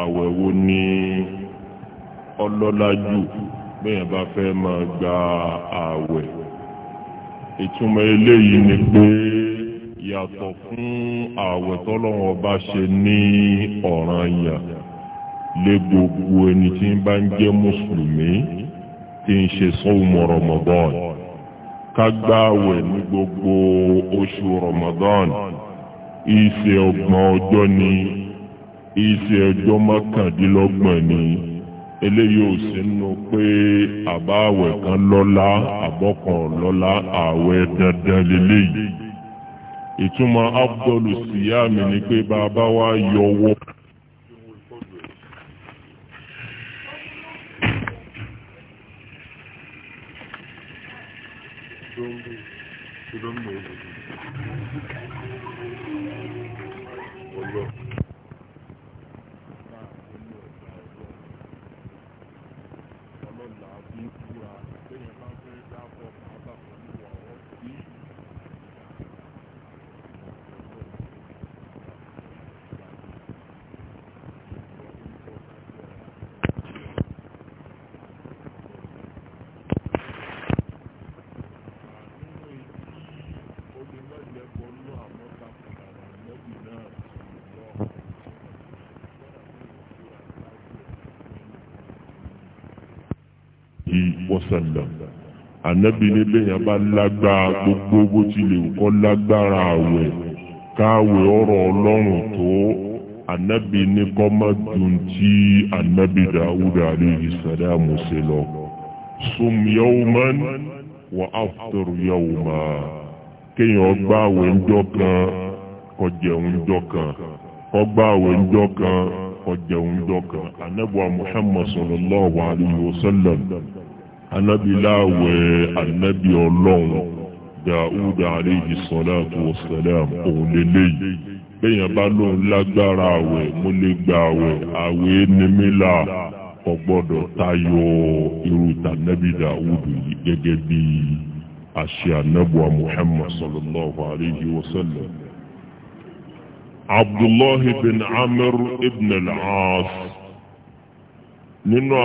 àwẹ̀ wo ni ọlọ́lá jù bẹ́ẹ̀ bá fẹ́ máa gba àwẹ̀ ìtumọ̀ eléyìí ni pé yàtọ̀ fún àwẹ̀ tọ́lọ́wọ́n bá ṣe ní ọ̀ranyàn lé gbogbo ẹni tí ń bá ń jẹ́ mùsùlùmí tí ń ṣe sọ́ọ̀mù Ramadan ká gbààwẹ̀ ní gbogbo oṣù Ramadan ìṣe ọgbọ̀n ọjọ́ ni iṣẹ́ ọjọ́ mọ́kàndínlọ́gbọ̀n ni eléyìí ò sínú pé àbáwẹ̀ kan lọ́lá àbọ̀kan lọ́lá ààwẹ̀ dandan lélẹ́yìí ìtumọ̀ abdul siyami ni pé bàbá wa yọwọ́. ànábì ní bẹ́yàn bá lágbára gbogbo bó tilẹ̀ kọ́ lágbára àwẹ̀ káwẹ̀ ọ̀rọ̀ ọlọ́run tó ànábì ní kọ́ má dùn tí ànábì dàúdà alayhi salamu ṣe lọ. sum yawman wa aftir yawman kéèyàn gba àwẹ̀ ńjọ́ kan kó jẹun ńjọ́ kan kó gba àwẹ̀ ńjọ́ kan kó ńjọ́ kan ànábì wa muhammad sallallahu alayhi wa sallam. anábì láàwẹ̀ anábì ọlọ́run dàúdà àléyìí sọ́láàtù wọ́sálàm òun lélẹ́yìí bẹ́yàn bá lóun lágbára àwẹ̀ mo lè gba àwẹ̀ àwẹ̀ nímílà kò tayọ irú tànábì dàúdù yìí gẹ́gẹ́ bí àṣẹ anábùwà muhammad sallallahu alayhi wa abdullahi bin amir ibn al-aas nínú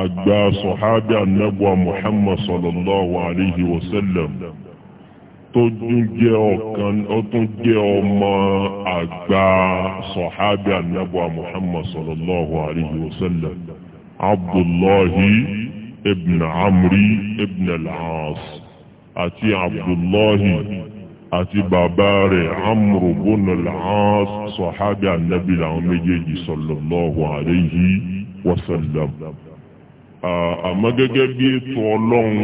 àgbà sọ̀hábì anábọ̀ muhammad sallallahu alayhi wa sallam tó tún jẹ́ ọ̀kan ó tún jẹ́ ọmọ àgbà sọ̀hábì anábọ̀ muhammad sallallahu alayhi wa sallam abdullahi ibn amri ibn al-aas àti abdullahi àti bàbá rẹ̀ amru ibn al-aas sọ̀hábì anábì làwọn sallallahu alayhi wa sallam. àmọ́ gẹ́gẹ́ bí ètò ọlọ́run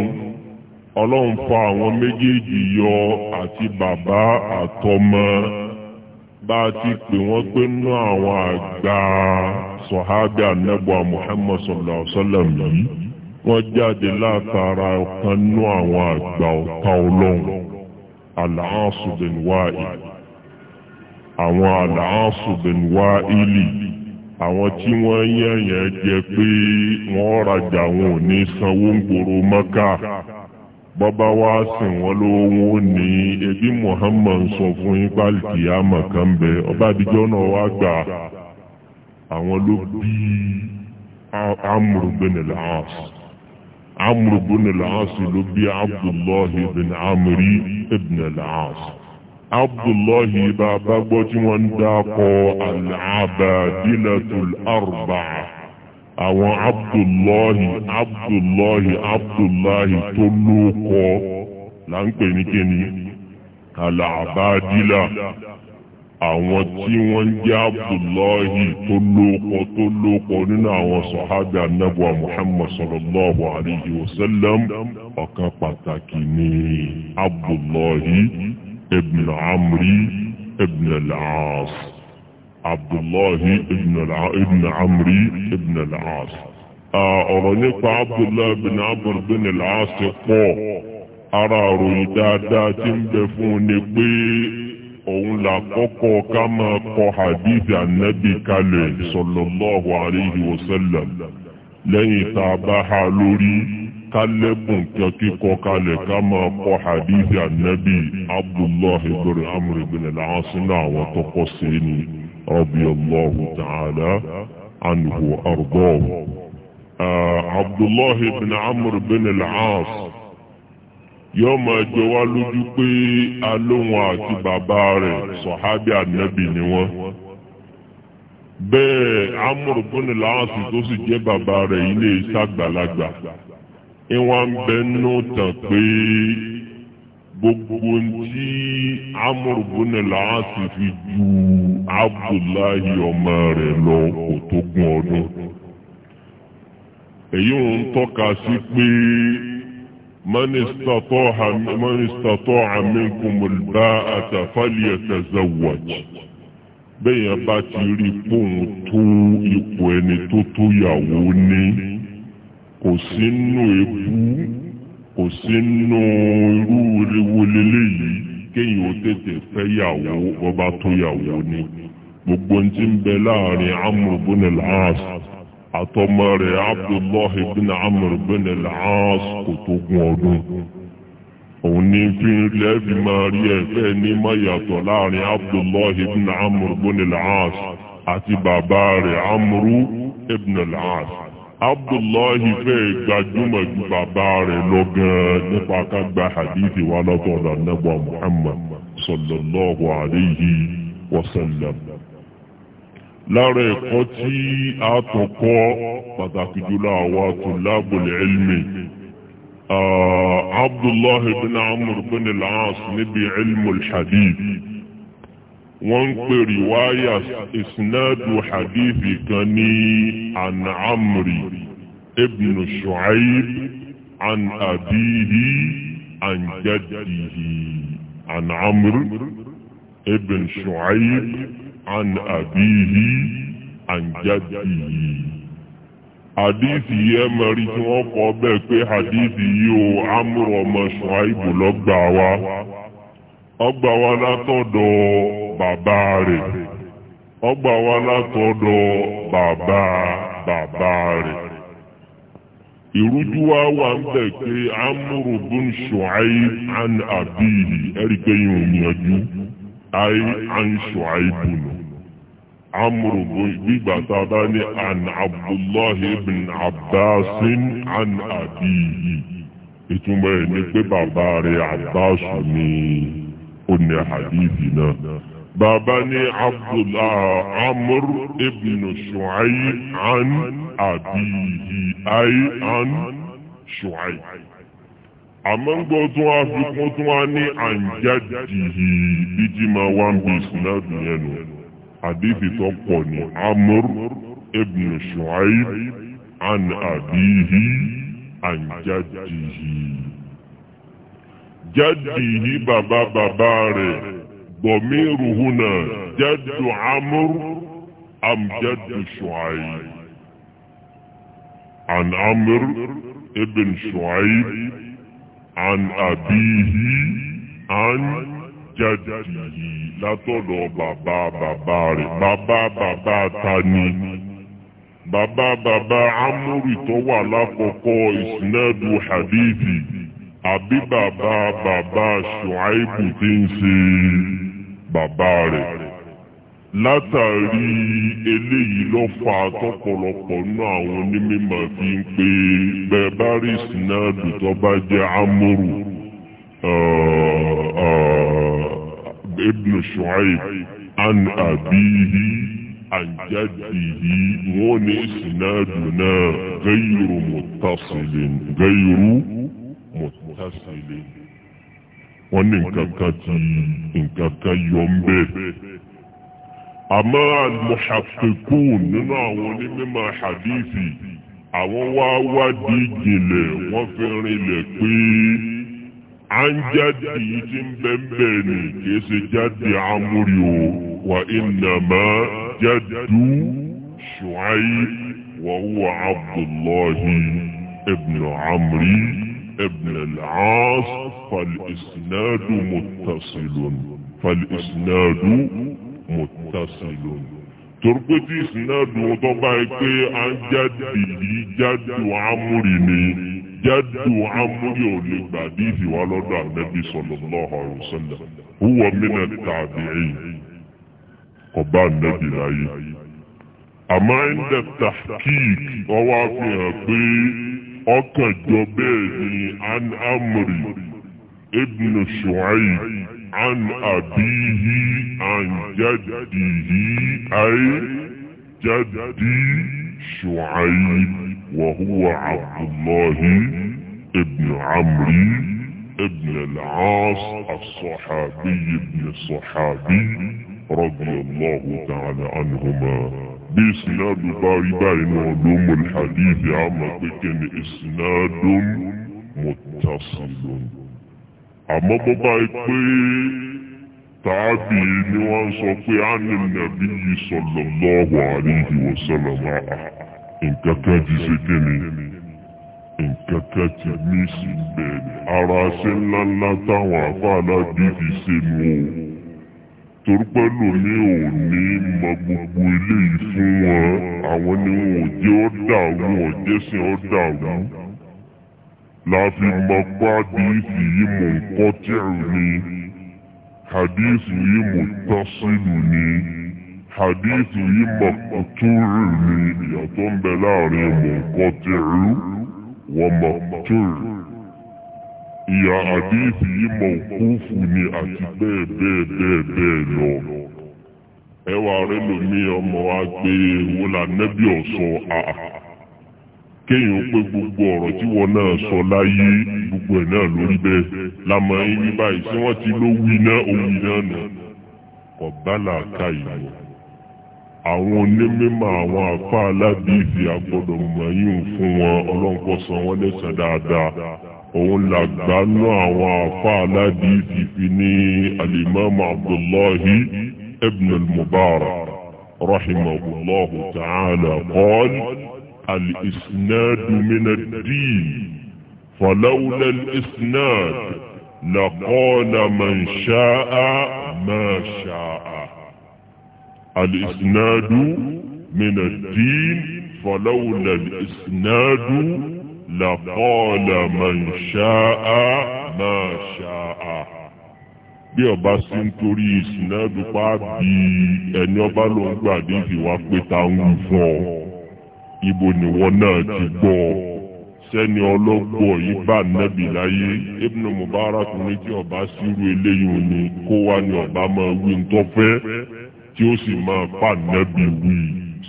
ọlọ́run fa àwọn méjèèjì yọ àti bàbá àtọmọ bá a ti pè wọ́n pé nú àwọn àgbà sọ̀hábì anábọ̀ Muhammad sallallahu alaihi wasallam yìí wọ́n jáde látara ọ̀kan nú àwọn àgbà ọ̀tá ọlọ́run Al-Aas bin Wa'il àwọn Al-Aas bin àwọn tí wọ́n yẹ̀yẹ̀ jẹ pé wọ́n rajà wọn ò ní sanwó ń gbòòrò maka bọ́bá wá sìn wọ́n lówó wọn ò ebi Muhammad sọ fún yín pálíkì bẹ ọba àdìjọ́ náà wá gbà àwọn ló bí Amru bin al-As Amru bin ló bí Amri abdullahi bàbá gbọ́ tí wọ́n ń dákọ̀ al-abadilatul arba'a àwọn abdullahi abdullahi abdullahi tó lóko là ń pè ní kíni al-abadila àwọn tí wọ́n ń jẹ́ abdullahi tó lóko tó lóko nínú àwọn sọ̀hábà anábùwà muhammad sallallahu alayhi wa sallam ọ̀kan pàtàkì ní abdullahi. ابن عمري ابن العاص عبد الله ابن الع... ابن عمري ابن العاص آه، أرنيك عبد الله بن عمر بن العاص قو أرى رويدادا تنبفوني بي òun là kọ́kọ́ ká máa kọ hadith anabi kalẹ̀ sallallahu alayhi wa sallam lẹ́yìn tá a bá kálẹ́bùn kan kíkọ kalẹ̀ ká máa kọ́ abdullahi bụrụ amr ibn al-as àwọn tó sí ni radiyallahu ta'ala anhu ardahu. abdullahi ibn amr ibn al-as yóò máa jọ wá lójú pé àti bàbá ni ìwọ̀n ń bẹ nù tàn pé gbogbo ntí Amr ibn al-As fi ju Abdullahi ọmọ rẹ̀ lọ kò tó gún ọdún èyí ń tọ́ka sí pé man istata'a minkum al-ba'ata falyatazawwaj bẹ́ẹ̀ yẹn bá ti rí póun tó ipò ẹni tó tó yàwó ní. kò sí nù ebú kò sí nù irú wọlé léyìí kéyìn ó tètè fẹ́ yàwó tó yàwó ni gbogbo ń ti ń bẹ láàrin Amr as àtọmọ rẹ̀ Abdullah ibn Amr as kò tó gún ọdún òun ní fi máa rí ẹ̀fẹ́ ní abdullahi fẹ́ gbajúmọ̀ ju bàbá rẹ̀ lọ gan-an nípa ká gba hadithi wa látọ̀dọ̀ nẹ́bà muhammad sallallahu alayhi wa sallam. lára ẹ̀kọ́ tí a tún kọ́ pàtàkì jùlọ àwa tulabul ilmi abdullahi bin amr bin al-as níbi ilmu hadith wọ́n ń pè rìwáyà ìsìnàdù hadithi kan ní an amri ibn shu'aib an abihi an jaddihi an amri ibn shu'aib an abihi an jaddihi hadithi yẹn mẹ́rin tí wọ́n kọ́ bẹ́ẹ̀ pé hadithi yìí ó amúrò ọmọ shu'aib lọ́gbà wa. ọgbà wa látọ̀dọ̀ bàbá rẹ̀ ọgbà wa látọ̀dọ̀ bàbá bàbá rẹ̀ ìrújú wa wà ń bẹ̀ pé amúrò bún ṣùáì an àbíyì yìí ò yanjú ayé an ṣùáì amúrò bún gbígbà tá a bá ní abdullahi òní àhàdìsì náà. Bàbá ní Abdullah Amr ibn Shu'aib an àbíyí ayé an Shu'aib. Àmọ́ ń gbọ́ tún wá fi kún tún wá ní àǹjájìhì ìjìmá one base náà dùn nù. Àdìsì tó pọ̀ ní Amr ibn Shu'aib an àbíyí àǹjájìhì jaddihi bàbá bàbá rẹ̀ bọ̀míìrù hùnà jaddu amúr am jaddu shu'aib an amúr ibn shu'aib an abihi an jaddihi látọ̀dọ̀ bàbá bàbá rẹ̀ bàbá bàbá tani bàbá bàbá amúrì tó wà lákọ̀ọ́kọ́ ìsìnàdù hadithi àbí bàbá bàbá ṣùáìbù tí ń ṣe bàbá rẹ̀ látàrí eléyìí ló fa tọ́pọ̀lọpọ̀ nú àwọn onímọ̀ fi ń pé bẹ́ẹ̀ bá rí sinadu tó bá jẹ́ amúrù uh, uh, ibn ṣùáìb an àbíyí àjádìyí wọ́n ní sinadu náà gẹ́yìrù mọ̀tàṣìlẹ̀ gẹ́yìrù. mọ̀tásílẹ̀ wọ́n ní nǹkan ti nǹkan kan yọ ń bẹ́ẹ̀. àmọ́ nínú àwọn onímọ̀ hadithi àwọn wá wádìí jìnlẹ̀ wọ́n fi rinlẹ̀ pé à yìí ni ṣe jáde amúri o wa Abdullahi ibn Amri. ابن العاص فالإسناد متصل فالإسناد متصل تربتي إسناد وضبعك عن جده جد عمرني jádù amúrí òní gbàdíìsì wa lọ́dọ̀ ànábì sallallahu alaihi wasallam huwa mina tàbí'in ọba ànábì láyé. àmọ́ ẹ̀ ń dẹ̀ tàkíìkì ọwọ́ àfihàn pé. أتجبني عن أمري ابن شعيب عن أبيه عن جده أي جدي شعيب وهو عبد الله ابن عمري ابن العاص الصحابي ابن الصحابي رضي الله تعالى عنهما بإسناد باردين علوم الحديث عما كان إسناد متصل أما بضعي tàbí ni wọ́n sọ pé a ní nàbí yìí sallallahu alayhi wa sallam nǹkan kan ti ṣe kíni nǹkan kan ti ní sí bẹ́ẹ̀ ni ara ṣe ńláńlá táwọn àbá aládìí fi ṣe nù o. torúpẹ́ lòmí ò ní mọ gbogbo eléyìí fún wọn àwọn ni wọn ò jẹ́ ọ̀dà wọn ò jẹ́sìn ọ̀dà wọn láfi mọ pé yìí tẹ̀rù ni àdìsí yìí mò tọ́sílù ni àdìsí yìí mọ̀ kùtùrù ni ìyàtọ̀ ń bẹ láàrin mò ń ìyà àdéhìí yìí mọ̀ọ́kúfù ni àti bẹ́ẹ̀ bẹ́ẹ̀ bẹ́ẹ̀ bẹ́ẹ̀ lọ. ẹwà rẹ lómi ọmọ wa gbé ewu la nẹ́bí a. kéèyàn pé gbogbo ọ̀rọ̀ tí wọn náà sọ láyé gbogbo ẹ̀ náà lórí bẹ́ẹ̀ ní báyìí tí ti ló wí òwì náà làákà àwọn onímọ̀ fún wọn ọlọ́nkọ́sán wọn lẹ́sẹ̀ dáadáa. òun làgbánú àwọn àfa aládìí ti fi ní alimami abdullahi رحمه الله تعالى قال الاسناد من الدين فلولا الاسناد لقال من شاء ما شاء الاسناد من الدين فلولا الاسناد làkọ́ọ̀lẹ̀ mọ̀nṣáà máa ṣáà. bí ọba sí nítorí ìsìnàdù pa bí ẹni ọba ló ń gbà débi wá pé ta ń wù fún ọ ibo nìwọ náà ti gbọ́ ọ sẹ́ni yìí bá nẹ́bì láyé Ibn Mubarak ní tí ọba sírú eléyìí ni kó wá ní ọba máa wí ntọ́fẹ́ tí ó sì máa pa nẹ́bì wí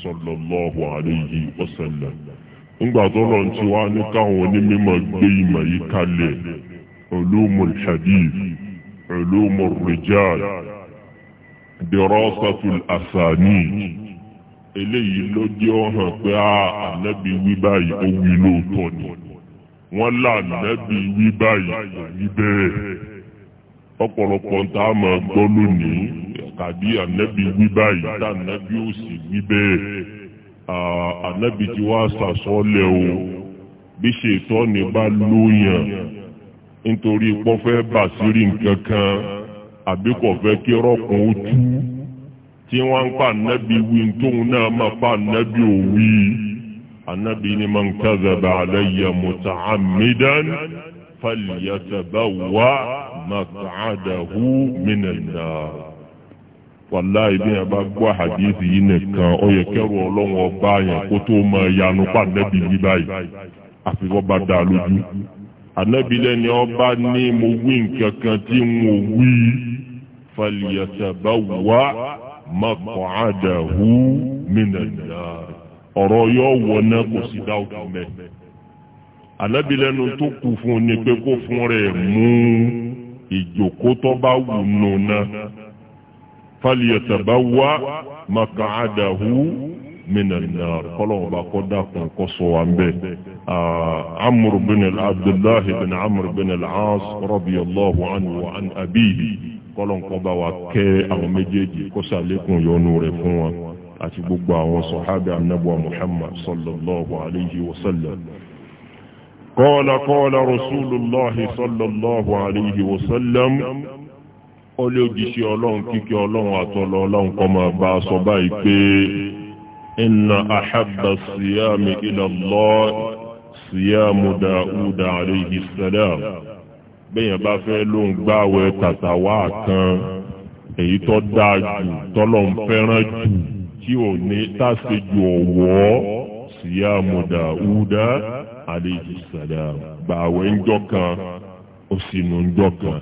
sallallahu alayhi wa sallam ńgbà tó lọ ti wá ní káwọn onímọ̀ gbé ìmọ̀ yìí kalẹ̀ ulumul hadith ulumur rijal dirasatul asanid eléyìí ló jẹ́ ọ̀hàn pé ànábì wí báyìí ó wí lóòótọ́ ni wọ́n là ànábì wí báyìí kò wí bẹ́ẹ̀ ọ̀pọ̀lọpọ̀ tá a máa gbọ́ lónìí tàbí ànábì wí báyìí tá ànábì ó sì wí bẹ́ẹ̀ ànábìjì wa sàsọ́lẹ̀ o bí ṣètọ́ ni bá lóyàn nítorí pọ́fẹ́ bàṣírí nǹkan kan àbí kò fẹ́ kí rọ́kùn ó tú tí wọ́n ń pa ànábì wí tóun náà máa pa ànábì ò wí ànábì ni man kadhaba alayya muta'ammidan falyatabawa maq'adahu minan nar wàláì bí yẹn bá gbọ́ àdìsí yìí nìkan ó yẹ kẹ́rù ọlọ́run ọba yẹn kó tó mọ ìyanu pàdébí yìí báyìí àfi wọ́n bá dà lójú. ànábi lẹ́ni ọba ní mo wí nǹkan kan tí mo wí falyatabawwa maq'adahu minan nar ọ̀rọ̀ yóò wọ̀ kò sí dáwùtú mẹ́. ànábi lẹ́nu tó kù fún ni pé kó fún rẹ̀ mú ìjòkó bá wù nù náà falyatabawa maq'adahu minal nar kọ́lọ́wọ́ bá kọ́ dákun kọ́ sọ wa ń bẹ́ amr bin abdullah bin amr bin al-as radiyallahu anhu wa an abihi kọ́lọ́n kọ́ bá wa kẹ́ àwọn méjèèjì kó sàlékún yọnu rẹ̀ fún wa àti gbogbo àwọn sọ̀hábẹ́ anábọ̀ muhammad sallallahu alayhi wa sallam. قال قال رسول الله صلى الله عليه وسلم ó lé òjíṣẹ́ ọlọ́run kíkẹ́ ọlọ́run àtọ́lọ́ ọlọ́run kọ́ máa bá a sọ báyìí pé inna ahabba siyami ila Allah siyamu Dawud alayhi salam bẹ́yẹn bá fẹ́ ló ń gbààwẹ̀ tàtàwá kan èyí tó dáa jù tọ́lọ̀ ń fẹ́ràn jù tí ò ní tàṣejù ọ̀wọ́ siyamu Dawud alayhi salam gbààwẹ̀ ńjọ́ kan ó sì nù ńjọ́ kan.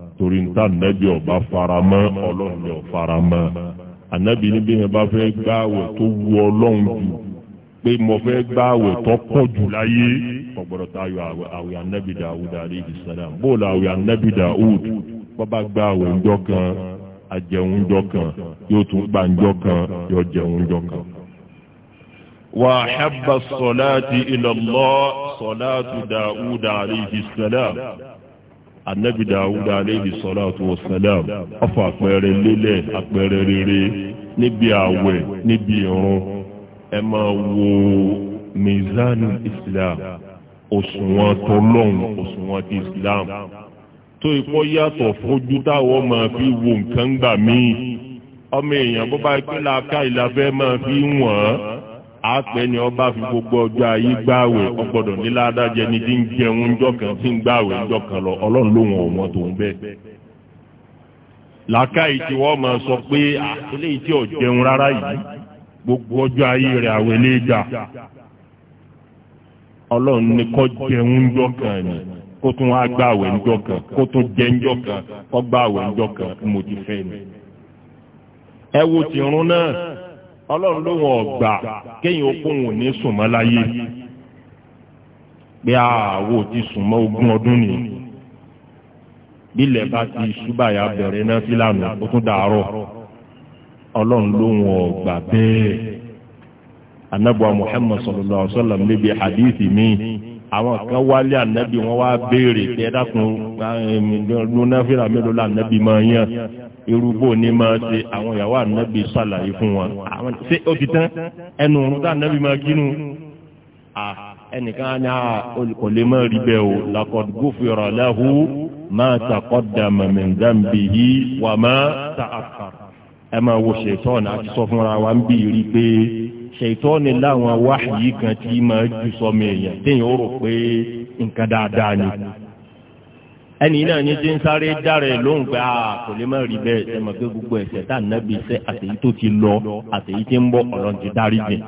torí níta nàbí ọba faramọ́ ọlọ́run yóò faramọ́ ànábì níbi yẹn bá fẹ́ gbá àwẹ̀ tó wu ọlọ́run jù pé mo fẹ́ gbá àwẹ̀ tó pọ̀ jù láyé ọ̀gbọ́dọ̀ tá a yọ àwẹ̀ ànábì dàwùd aleyhi salam bóòlù àwẹ̀ ànábì dàwùd bọ́ba gbá àwẹ̀ ńjọ́ kan àjẹun ńjọ́ kan yóò tún gbà ńjọ́ kan yóò jẹun ńjọ́ kan. وأحب الصلاة إلى الله صلاة داود عليه anabi dawuda aleyhi salatu wa salam ọfọ àpẹẹrẹ lélẹ̀ àpẹẹrẹ rere níbi àwẹ̀ níbi ìrun ẹ máa wo mizanu islam òṣùwọ̀n tọlọ́hún òṣùwọ̀n ti islam tó ikọ́ yàtọ̀ fojú táwọn máa fi wo nǹkan gbà míì ọmọ èèyàn bó bá pẹ́ làákà ìlàfẹ́ máa fi wọ̀n àápẹ́ ni ọba fi gbogbo ọjọ́ ayé gbáwẹ̀ ọgbọ́dọ̀ níláàdájẹ ni tí ń jẹun ńjọ́ kan tí ń gbáwẹ̀ ńjọ́ kan lọ ọlọ́run ló wọn ọmọ tòun bẹ́ẹ̀. làákàyè tí wọ́n máa sọ pé eléyìí tí ò jẹun rárá yìí gbogbo ọjọ́ ayé rẹ̀ àwẹ̀ lè dà ọlọ́run ní kọ́ jẹun ńjọ́ kan ni kó tún wá gbáwẹ̀ ńjọ́ kan kó tún jẹ ńjọ́ kan kó gbáwẹ̀ ńjọ́ kan mo ti fẹ́ ni. ẹ wo tìrún náà ọlọ́run ló wọn gbà kéyìn okun wò ní sùnmọ́ láyé pé àwọ̀ ti sùnmọ́ ogún ọdún ni bílẹ̀ bá ti ṣúbàyà bẹ̀rẹ̀ náà sílànà ó tún dàárọ̀ ọlọ́run ló wọn gbà bẹ́ẹ̀ anabu muhammad sallallahu alaihi wa sallam níbi hadithi mi àwọn kan wálé anabi wọn wá béèrè tẹ dákun nunafira mélòó la anabi máa yàn irúgbó ni máa ṣe àwọn ìyàwó anabi ṣàlàyé fún wọn. ṣé o ti tán ẹnu òrùn tá anabi máa kínú ẹnìkan á ní kò lè má rí bẹ́ẹ̀ o laqad ghufira lahu ma taqaddama min dhanbihi wa ma ta'akhkhar. ẹ máa wo ṣètọ́ọ̀nù àti sọ fúnra wa ń bí rí pé ṣètọ́ni láwọn wáyé kan tí máa jù sọmọ èèyàn téèyàn ó rò pé nǹkan dáadáa ni ẹni náà ní ti ń sáré dára ẹ lóhùn pé a ah, kò lè má rí bẹ́ẹ̀ ṣe mọ̀ pé gbogbo ẹ̀ṣẹ̀ tá à nábì ṣe àtẹ̀yí tó ti lọ àtẹ̀yí tí ń bọ̀ ọ̀rọ̀ ti dárí jẹ̀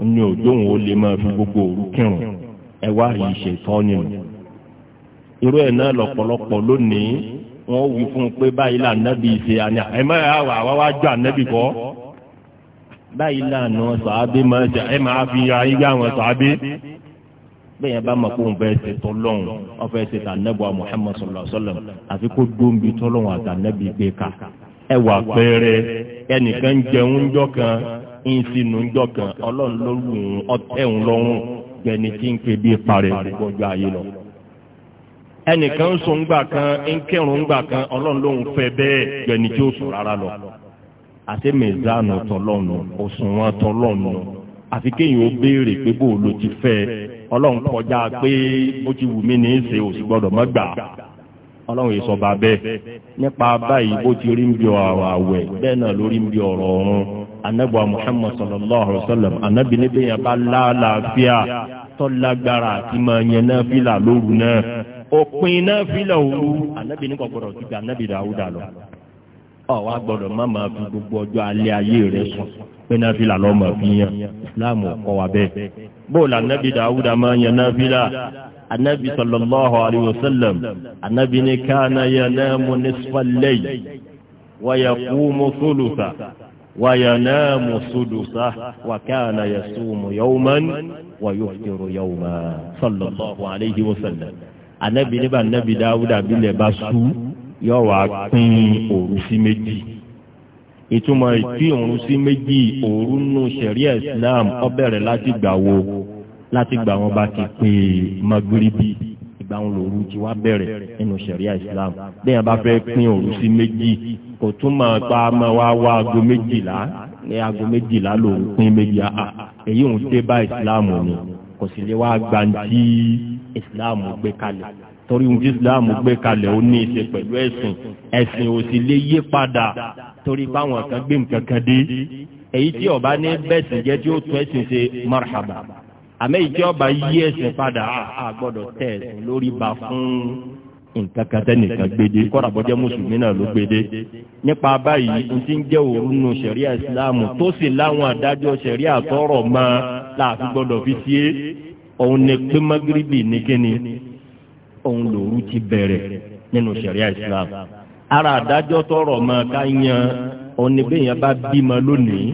ó ní òjò òun ó lè máa fi gbogbo òru kírun ẹ wá rí ṣètọ́ni nù irú ẹ̀ náà lọ́pọ̀lọpọ̀ lónìí wọ́n wí fún un pé báyìí là nábì ṣe àná ẹ̀ mọ́ ẹ̀ wá wá wá jọ ànábì báyìí lànà sàábé máa jà ẹ máa fi ayé gbé àwọn sàábé bẹ́ẹ̀ yẹn bá mọ̀ pé òun fẹ́ ṣe tọ́lọ́hún ọ̀fẹ́ ṣe tà nẹ́bùà Muhammad sallallahu alaihi wasallam àfi kó dóńbi tọ́lọ́hún àtànẹ́bì gbé ká ẹ wà pẹ́ẹ́rẹ́ ẹnìkan jẹun jọ kan ìsinú jọ kan ọlọ́run ló wù ú gbẹni tí ń ké bí parẹ́ gbọ́jọ ayé lọ. ẹnìkan sùn gbà kan ń kírun kan ọlọ́run ló fẹ́ bẹ́ẹ̀ gbẹni tí ó sùn rárá lọ àti mẹ̀zánù tọlọ́nù òṣùwọ̀n tọlọ́nù àfi kéèyàn ó béèrè pé bó o lo ti fẹ́ ọlọ́run kọjá pé bó ti wù mí ní í ṣe òsì gbọ́dọ̀ má gbà ọlọ́run yìí sọba bẹ́ẹ̀ nípa báyìí bó ti rí ń bí ọ̀rọ̀ àwẹ̀ bẹ́ẹ̀ náà ló rí ń bí ọ̀rọ̀ ọ̀run anabuwa muhammad sallallahu alaihi wa sallam anabi ní bẹ́ẹ̀ yẹn bá láàlàáfíà tọ́lágbára àti máa yẹn náà fílà lóru náà òpin náà fílà òru anabi ní kọ̀ọ̀kọ̀rọ̀ ọ wá gbọ́dọ̀ má máa fi gbogbo ọjọ́ alẹ́ ayé rẹ sùn pé náfìlà lọ máa fi yan islam kọ́ wa bẹ́ẹ̀ bó la nabi dawuda máa yan náfìlà anabi sallallahu alayhi wa sallam anabi ni kaana yanamu nisfal layl wa yaqumu thulutha wa yanamu sudusa wa kaana yasumu yawman wa yuftiru yawman sallallahu alayhi wa sallam anabi ni anabi dawuda bi le sùn yóò wá pín òru sí méjì ìtumọ̀ ìpí òru sí méjì òru nù sẹ̀ríà Islam ó bẹ̀rẹ̀ láti gbà wo láti gbà wọn bá ti pè magribi ìgbà wọn lòru ti wá bẹ̀rẹ̀ nínú sẹ̀ríà Islam lẹ́yìn bá fẹ́ pín òru sí méjì kò túmọ̀ pa máa wá wá aago méjìlá ní aago méjìlá lòru pín méjì àá èyí òun dé bá Islam ni kò sì lè wá gbanti Islam gbé kalẹ̀ torí ohun tí islam gbé kalẹ̀ ó ní í ṣe pẹ̀lú ẹ̀sìn ẹ̀sìn ò sì lè yí padà torí báwọn kan gbé nǹkan kan dé èyí tí ọba ní bẹ́ẹ̀sìn jẹ́ tí ó tún ẹ̀sìn ṣe marhaba àmọ́ èyí tí ọba yí ẹ̀sìn padà á gbọ́dọ̀ tẹ̀ ẹ̀sìn lórí ba fún nǹkan kan tẹ́ nìkan gbéde kọ́ra bọ́jẹ́ mùsùlùmí náà ló gbéde nípa báyìí n ti ń jẹ́ òru nu sẹ̀ríà ìsìláàmù tó sì láwọn àdájọ́ sẹ̀ríà tọrọ mọ́ láàfin gbọ́dọ̀ fi sí òun ni pé magrebi ní kíni òun lòru ti bẹ̀rẹ̀ nínú sẹ̀ríà islam ara àdájọ́ tọrọ ma ká yan oníbẹ̀yẹn bá bímọ lónìí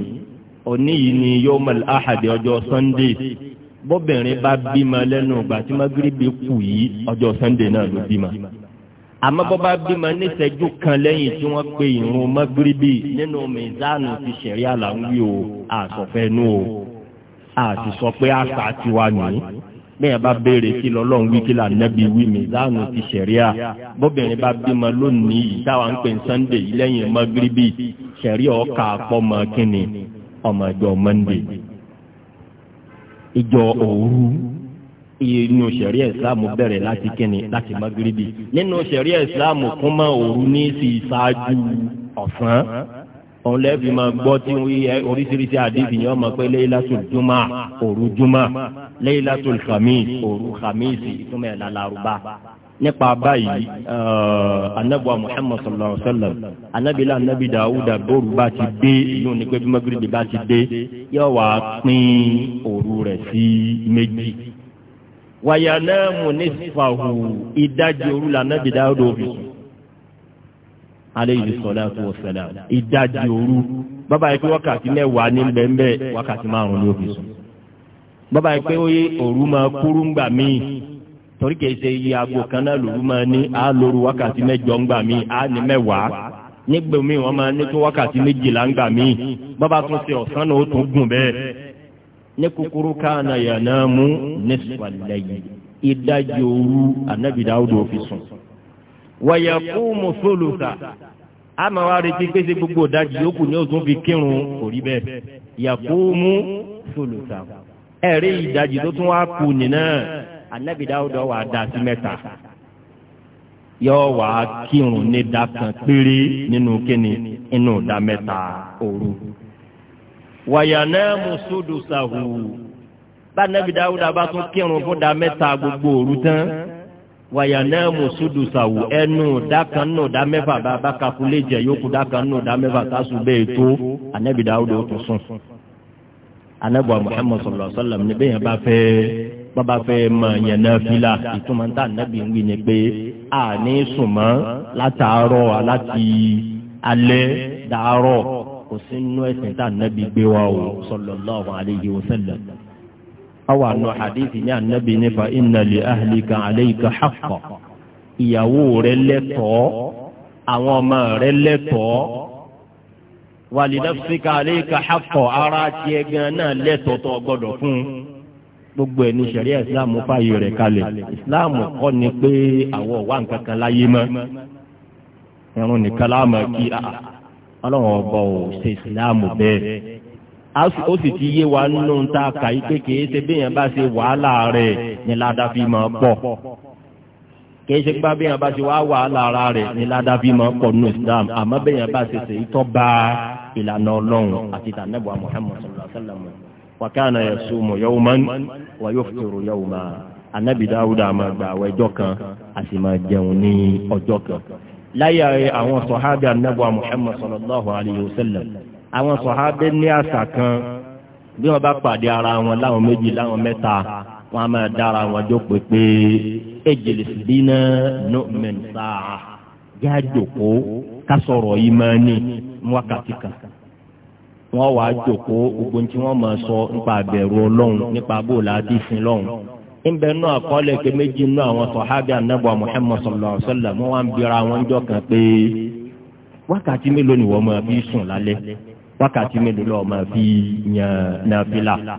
òní yìí ni yomal ahadi ọjọ́ sunday bọ́bìnrin bá bímọ lẹ́nu ìgbà tí magrebi kù yìí ọjọ́ sunday náà ló bímọ àmọ́ bọ́ bá bímọ níṣẹ́jú kan lẹ́yìn tí wọ́n pe ìrun magrebi nínú mizanu ti sẹ̀ríà là ń wí o àsọ̀fẹ́ nù o àti sọ pé àṣà tiwa nìyí bẹ́ẹ̀ bá béèrè kí lọ́lọ́run wí kí là nẹ́bi wí mi láàánú ti ṣẹ̀ríà bóbìnrin bá bímọ lónìí yìí táwa ń pè ní sunday yìí lẹ́yìn mọ́gíríbì ṣẹ̀ríà ọkà àpọ̀mọ́ kínni ọmọ ìjọ monday ìjọ òru inú ṣẹ̀ríà ìsìláàmù bẹ̀rẹ̀ láti kínni láti mọ́gíríbì nínú ṣẹ̀ríà ìsìláàmù kún mọ́ òru ní sí ìṣáájú ọ̀sán òun lẹ́ẹ̀fì máa gbọ́ tí oríṣiríṣi àdéhùn yẹn ọmọ pé lẹ́yìn lásùn jùmọ̀ òru jùmọ̀ Laylatul Khamis òru Khamisi ìtumọ̀ ẹ̀ lálárúbá nípa báyìí anabuwa Muhammad sallallahu alaihi wa sallam anabila anabi Dawuda bóru bá ti dé yóò ní pé bí magrebi bá ti dé yóò wá pín òru rẹ̀ sí méjì wàyànàmù nísfàhù ìdajì òru lànàbì Dáúdà fi sùn alayhi salatu wassalam ìdajì òru bàbá yìí pé wákàtí mẹ́wàá ní bẹ́ẹ̀ wákàtí márùn-ún ló sùn bọ́ba yìí pé òru máa kúrú ńgbà míì torí kìí ṣe iye aago kan náà lòru máa ní á lóru wákàtí mẹ́jọ ńgbà míì á ní mẹ́wàá nígbà míì wọ́n máa ní tó wákàtí méjìlá ńgbà míì bọ́ba tún ṣe ọ̀sán náà ó tún gùn bẹ́ẹ̀ ní kúkúrú káàna yànnà mú nísìpàlẹ̀ yìí ìdajì òru ànábì Dáúdù fi sùn. wàyẹ̀kú mùsùlùmá a máa retí pé gbogbo ìdajì yòókù ní òtún fi kírun kò rí bẹ́ẹ̀ yẹ̀kú mùsùlùmá ẹ̀rí ìdajì tó tún wá kù nìna anabi Dawuda wà dá sí mẹ́ta yóò wá kírun ní da kan péré nínú kíni inú da mẹ́ta òru. wàyànà mùsùlùmí sàhù bá anabi Dawuda bá tún kírun fún da mẹ́ta gbogbo òru tán wàyànà mùsùdùsàwù ẹnu dákan nù dá mẹ́fà bàbá kakulé jẹ yókù dákan nù dá mẹ́fà tásù bẹ́ẹ̀ tó ànábì Dáúdù tó sùn anabuwa muhammad sallallahu alaihi wa sallam ni bẹ́ẹ̀ bá fẹ́ bàbá fẹ́ mọ yẹn náà fila ìtumọ̀ níta nàbí ń wí ni pé a ní sùnmọ́ látàárọ̀ láti alẹ́ dàárọ̀ kò sí nínú ẹ̀sìn tá nàbí gbé wa o sallallahu alaihi wa sallam. awa nù hadithi ní anabi nípa inna ahlika alayka haqqa ìyàwó rẹ lẹ́tọ̀ọ́ àwọn ọmọ rẹ lẹ́tọ̀ọ́ wàlídàfíkà àlééka hakọ̀ ara tiẹ̀ gan náà lẹ́tọ̀ọ̀tọ̀ gbọ́dọ̀ fún gbogbo ẹ̀ ní sẹ̀ríà ìsìláàmù fààyè rẹ̀ kalẹ̀ ìsìláàmù kọ́ ni pé àwọn wà nǹkan kan láyé mọ́ ẹ̀rùn nìkan láàmú kí ah, ọlọ́run ọba ò ṣe ìsìláàmù bẹ́ẹ̀ ó sì ti yé wa nínú ta kàyí kékeré ṣe bí èèyàn bá ṣe wàhálà rẹ̀ ní ládàá fi máa pọ̀ kì í ṣe pé abẹ́yẹn bá ṣe wá wàhálà ara rẹ̀ ní ládàbí máa pọ̀ nínú Islam àmọ́ bẹ́yẹn bá ṣe ṣe ìtọ́ bá ìlànà ọlọ́run àti tànẹ́bù Muhammad sallallahu alaihi wasallam wa kana yasumu yawman wa yuftiru yawman anabi Dawuda máa gba àwọn ẹjọ́ kan a sì máa jẹun ní ọjọ́ kan. láyà àwọn sọ̀hábì anabu Muhammad sallallahu alaihi wasallam àwọn sọ̀hábì ní àṣà kan bí wọ́n bá pàdé ara wọn láwọn méjì láwọn mẹ́ta wọ́n á máa dára wọn jókòó pé ejlis bina nu'min sa'a já jòkó ká sọ̀rọ̀ ìmánì wákàtí kan wọn wàá jòkó gbogbo tí wọn ma sọ nípa àbẹ̀rù ọlọ́run nípa bóòlù àdìsín nbẹ nù kẹ méjì nù àwọn sọhábì jọ pé mélòó ni fi sùn mélòó ni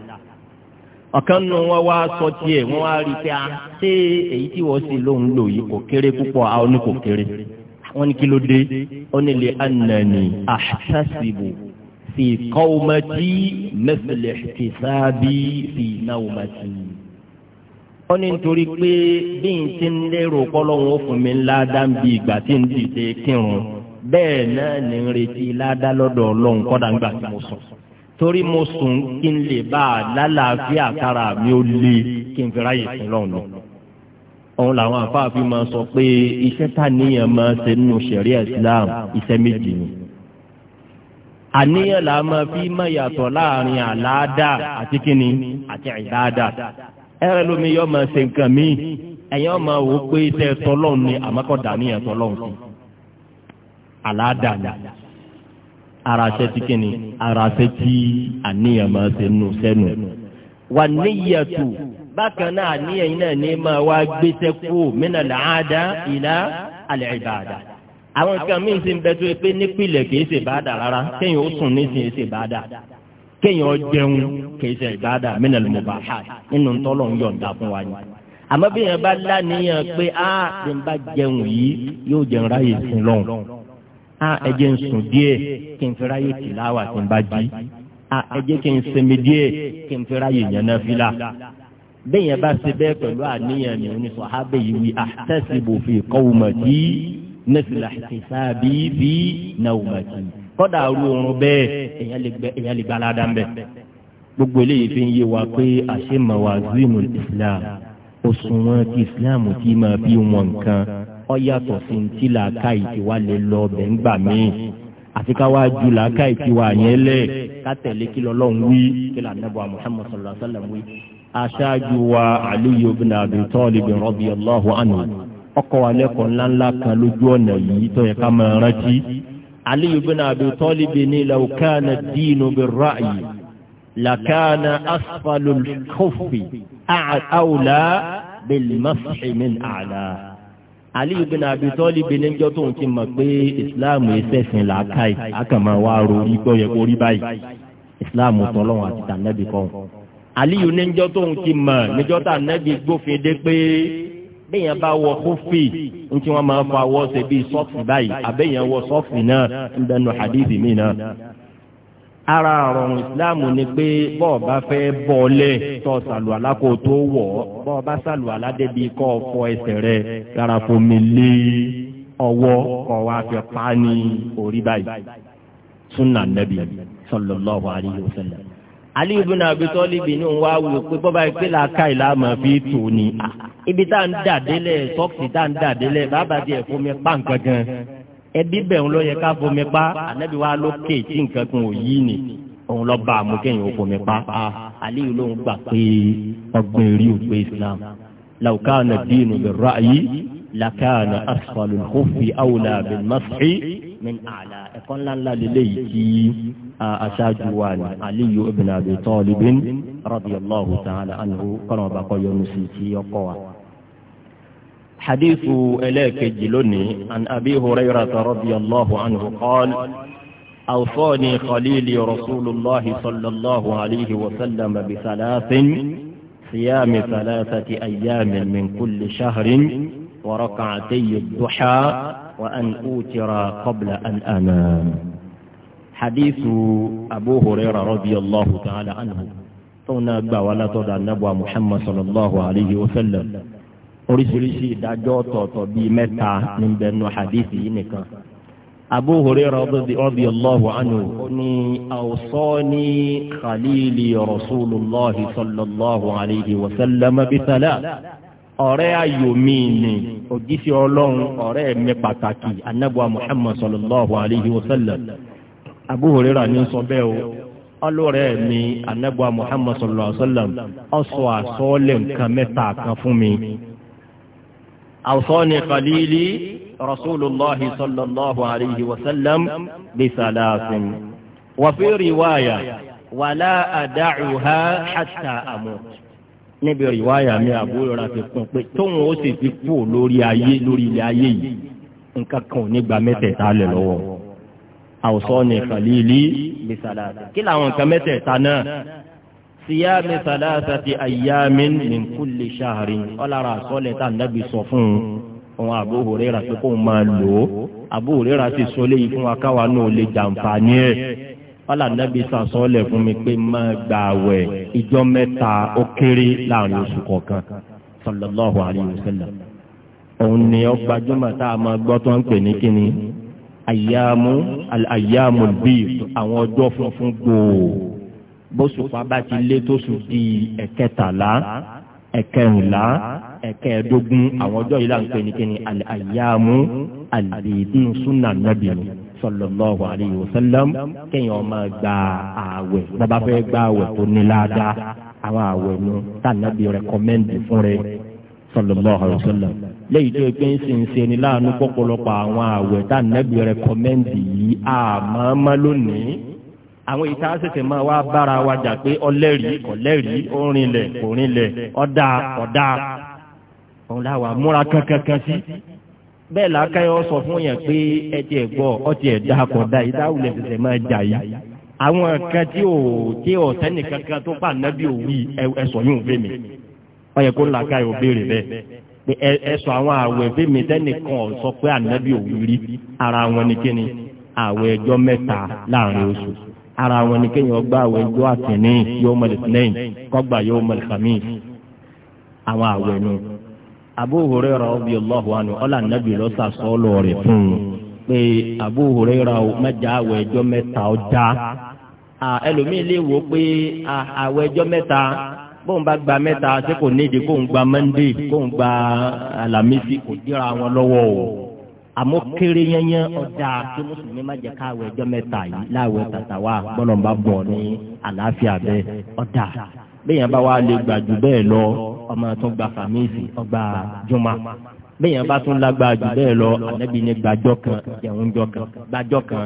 ọ̀kan nù wọn wá sọ tiẹ̀ wọ́n wá rí i pé a ah, ṣé èyí tí wọ́n sì lóun lò yìí kò kéré púpọ̀ àwọn ah, ní kò kéré wọ́n ní kí ló dé wọ́n ní lè ànàní àṣàṣìbò fi kọ́wọ́mọtì mẹ́fẹ̀lẹ̀ tìṣáàbí fi náwọ́mọtì. wọ́n ní nítorí pé bí n ti ń lérò kọ́lọ́hún ó fún mi ńlá dáńbì ìgbà tí n dìde kírun bẹ́ẹ̀ náà ní ń retí ládá lọ́dọ̀ ọlọ́run kọ́dà ńgbà tí mo sùn torí mo sùn kí n lè bá a lálàáfíà kára mi ó le kí n fi ráyè sí lọ́nà. òun làwọn afáàfin máa sọ pé iṣẹ́ tàníyàn máa ṣe nínú sẹ̀ríà Islam iṣẹ́ méjì ni. àníyàn là máa fi máa yàtọ̀ láàrin àláàdà àti kíni àti ìdáàdà. ẹ̀rọ lómi yóò máa ṣe nǹkan míì ẹ̀yàn máa wò ó pé tẹ́ tọ́lọ́ọ̀ ni àmọ́kọ̀dá níyàn tọ́lọ́ọ̀ sí. àláàdà ni ara ṣe ti kíni ara ṣe ti àníyàn máa ṣe nù sẹ́nu. wà níyàtù bákan náà àníyàn náà ní máa wá gbéṣẹ́ kú mínà làádá ìlà àlẹ́ ìbàdà. àwọn kan míì sì ń bẹ tó pé nípìnlẹ̀ kìí ṣe bàdà rárá kéèyàn ó sùn nísìnyí ṣe bàdà kéèyàn jẹun kìí ṣe ìbàdà mínà lùmùbáhà nínú tọ́lọ̀ ń yọ̀ǹda fún wa ni àmọ́ bí yẹn bá láníyàn pé a ti ń bá jẹun yìí yóò jẹun ráyè sí lọ́hùn a ah, ẹjẹ ń sùn díẹ̀ kí n fi ráyè tìláwà tí n bá jí a ah, ẹjẹ kí n sinmi díẹ̀ kí n fi ráyè yànnà fílà bẹ́ẹ̀ yẹn bá ṣe bẹ́ẹ̀ pẹ̀lú àníyàn ni oníṣọ́ abẹ́ yìí wí àtẹ́sìbò fi qawmati mithla ihtisabi fi nawmati kọ́dà ru oorun bẹ́ẹ̀ èèyàn lè gba aládá ń gbogbo eléyìí fi ń yé wa pé àṣẹ mawazinu islam òṣùwọ̀n ti islam ti máa bí wọn nǹkan ọ̀yàtọ̀ sí ti làákà ìtiwá lè lọ ọbẹ̀ ńgbà míì àti ká wá ju làákà ìtiwá yẹn lẹ̀ ká tẹ̀lé kí lọ́lọ́run wí kí lànàbọ̀ Muhammad sallallahu alaihi wasallam wí. aṣáájú wa Aliyu bin Abi Talib radiyallahu anhu ọkọ̀ wa lẹ́kọ̀ọ́ ńláńlá kan lójú ọ̀nà yìí tó yẹ ká máa rántí. Aliyu bin Abi Talib ní law kana ad-dinu bir-ra'yi asfalul khuffi a'la bil-mas'i min a'la ali ibn abi talib ní njọ́ tóun ti mọ̀ pé islam ẹsẹ̀sìn làákàyè akàmọ́ wa rori gbọ́ yẹ kó rí báyìí islam tọ́lọ́wọ́n àti tànẹ́bì kan ali yìí ní njọ́ tóun ti mọ̀ níjọ́ tànẹ́bì gbófin dé pé bẹ́yẹn bá wọ kófì ntí wọ́n máa fọ awọ́ ṣe bíi sọ́ọ̀fì báyìí àbẹ́yẹn wọ sọ́ọ̀fì náà ń bẹnu hadithi mi náà ara àrọ̀rùn ìsìláàmù ni pé bọ́ọ̀ bá fẹ́ bọ́ọ̀lẹ̀ tọ́ sàlù alákò tó wọ̀ ọ́ bọ́ọ̀ bá sàlù aládébi kọ́ fọ ẹsẹ̀ rẹ̀ rárá kò mí lé ọwọ́ kọ́ wa fẹ́ pa ní orí báyìí sunna nabi sallallahu alayhi wa sallam. ali ibn abi tọ́líbi ní òun wá wúlò pé bọ́ba ìpè làákà ìlànà fi tò ní. ibi tá à ń dà délẹ̀ sọ́ọ̀kì tá à ń dà délẹ̀ bàbá tiẹ̀ fún mi pàǹkankan ẹbí bẹ̀rù ló yẹ ká bomi pa ànábi wa lókè tí nǹkan kan ò yí ni òun lọ bá àmú kéèyàn ó bomi pa a aliyu ló ń gbà pé ọgbìn rí o pé islam làwùkàna dínú bẹ ra'ayi làkàna asfalu kófì awùlà bẹ mas'hi min àlà ẹ̀kọ́ ńláńlá lélẹ́yìí tí aṣáájú wa ni aliyu ibn abi talibin radiyallahu ta'ala anhu kọ́nà ọba kọ́ yọnu sí ti ọkọ wa. حديث إليك جلني عن أبي هريرة رضي الله عنه قال أوصاني خليلي رسول الله صلى الله عليه وسلم بثلاث صيام ثلاثة أيام من كل شهر وركعتي الضحى وأن أوتر قبل أن أنام حديث أبو هريرة رضي الله تعالى عنه تنبى ولا تدع النبوة محمد صلى الله عليه وسلم oríṣiríṣi ìdájọ́ ọ̀tọ̀ọ̀tọ̀ bíi mẹ́ta ní bẹnu hadithi yìí nìkan. abu hurairah radiyallahu anhu ní awsani khalili rasulillah sallallahu alayhi wa sallam bisala ọ̀rẹ́ ayò mi ni òjíṣẹ́ ọlọ́run ọ̀rẹ́ mi pàtàkì anábùa muhammad sallallahu alayhi wa sallam abu hurairah ní sọ bẹ́ẹ̀ o ọlọ́rẹ́ mi anábùa muhammad sallallahu alayhi wa sallam ó sọ àsọ́ọ́lẹ̀ mẹ́ta kan fún mi. أوصاني قليلي رسول الله صلى الله عليه وسلم بثلاث وفي رواية ولا أدعها حتى أموت níbi rìwáyà mi àbúrò ra fi kún pé tóun ó sì fi kú lórí ayé lórí ilé ayé yìí nǹkan kan ò ní gba mẹ́tẹ̀ẹ̀ta lẹ̀ lọ́wọ́ àwòsàn ní kàlílì bisalasi kí làwọn nǹkan mẹ́tẹ̀ẹ̀ta náà síyáàmì sàlàsà ti àyàmì min kulli shahrin ọlára àsọlẹ̀ tá nàbì sọ fún un Abu Hurairah pé kó máa lò ó Abu Hurairah ti sọ léyìí fún wa káwa náà lè jàǹfààní ẹ̀ ọlà nàbì sàsọlẹ̀ fún mi pé máa gbà wẹ̀ ìjọ mẹ́ta ó kéré láàrin oṣù kọ̀ọ̀kan sallallahu alayhi òun ni ó gbajúmọ̀ tá a máa gbọ́ tó ń pè ní kíni àyàmú àyàmú bíi àwọn ọjọ́ funfun gbòò bóṣùpá bá ti lé tó sùn di ẹ̀kẹtàlá ẹ̀kẹrìnlá ẹ̀kẹẹ̀dógún àwọn ọjọ́ yìí là ń àyàmú àlèédún nàbì ni sallallahu alayhi wa sallam kéèyàn máa gba ààwẹ̀ bàbá fẹ́ gba ààwẹ̀ tó ní àwọn ààwẹ̀ nu tànàbì rẹ̀kọ́mẹ́ǹdì fún rẹ̀ sallallahu alayhi wa sallam lẹ́yìn tó pé ń sin ṣe ni láàánú pọ̀pọ̀lọpọ̀ àwọn ààwẹ̀ tànàbì rẹ̀kọ́mẹ́ǹdì yìí àmọ́ mọ́ àwọn èyí tá a ṣẹ̀ṣẹ̀ máa wá bára wa jà pé ọlẹ́rìí ọlẹ́rìí orinlẹ̀ orinlẹ̀ ọ̀dà ọ̀dà òun láwa múra kankankan sí. bẹ́ẹ̀ làákàyọ̀ sọ fún yẹn pé ẹ ti ẹ̀ gbọ́ ọ ti ẹ̀ dá kọ̀dá yìí dáwùlẹ̀ ṣẹ̀ṣẹ̀ máa jà yìí. àwọn kan tí ò tí ò sẹ́ni kankan tó pa nábì òwì ẹ̀sọ̀ yóò fẹ́ mi. wọ́n yẹ kó làákàyọ̀ béèrè bẹ́ẹ̀ pé ẹ̀sọ̀ àwọn àwẹ̀ fẹ́ mi tẹ́nìkan sọ pé ànábì òwì rí ara wọn ni kíni àwẹ̀ ẹjọ́ mẹ́ta láàrin oṣù ara wọn ni kéèyàn gbà àwẹ̀ ọjọ́ àtìní yóò mọ̀lẹ̀ lẹ́yìn kọ́gbà yóò mọ̀lẹ̀ kàmíì àwọn àwẹ̀ nu. Abu Hurairah radiyallahu anhu ọ̀là nàbì lọ́sà sọ́ọ́lọ̀ rẹ̀ fún un pé Abu Hurairah mẹ́jà àwẹ̀ ọjọ́ mẹ́ta ọjà ẹlòmíì lè wò pé àwẹ̀ ọjọ́ mẹ́ta bóun bá gba mẹ́ta ṣé kò nídìí kóun gba Monday kóun gba Alamisi kò díra wọn lọ́wọ́ o àmọ́ kéré yẹnyẹn ọ̀dà kí mùsùlùmí má jẹ́ káwẹ̀ ẹjọ́ mẹ́ta yìí láwẹ̀ tàtà wa gbọ́dọ̀ bá bọ̀ ní àlàáfíà bẹ́ẹ̀ ọ̀dà bẹ́yẹn bá wa lè gbà jù bẹ́ẹ̀ lọ ọmọ tó gba fàmíìsì ọgbà jùmọ̀ bẹ́yẹn bá tún lágbà jù bẹ́ẹ̀ lọ ànábì ní gbàjọ́ kan jẹun jọ kan gbàjọ́ kan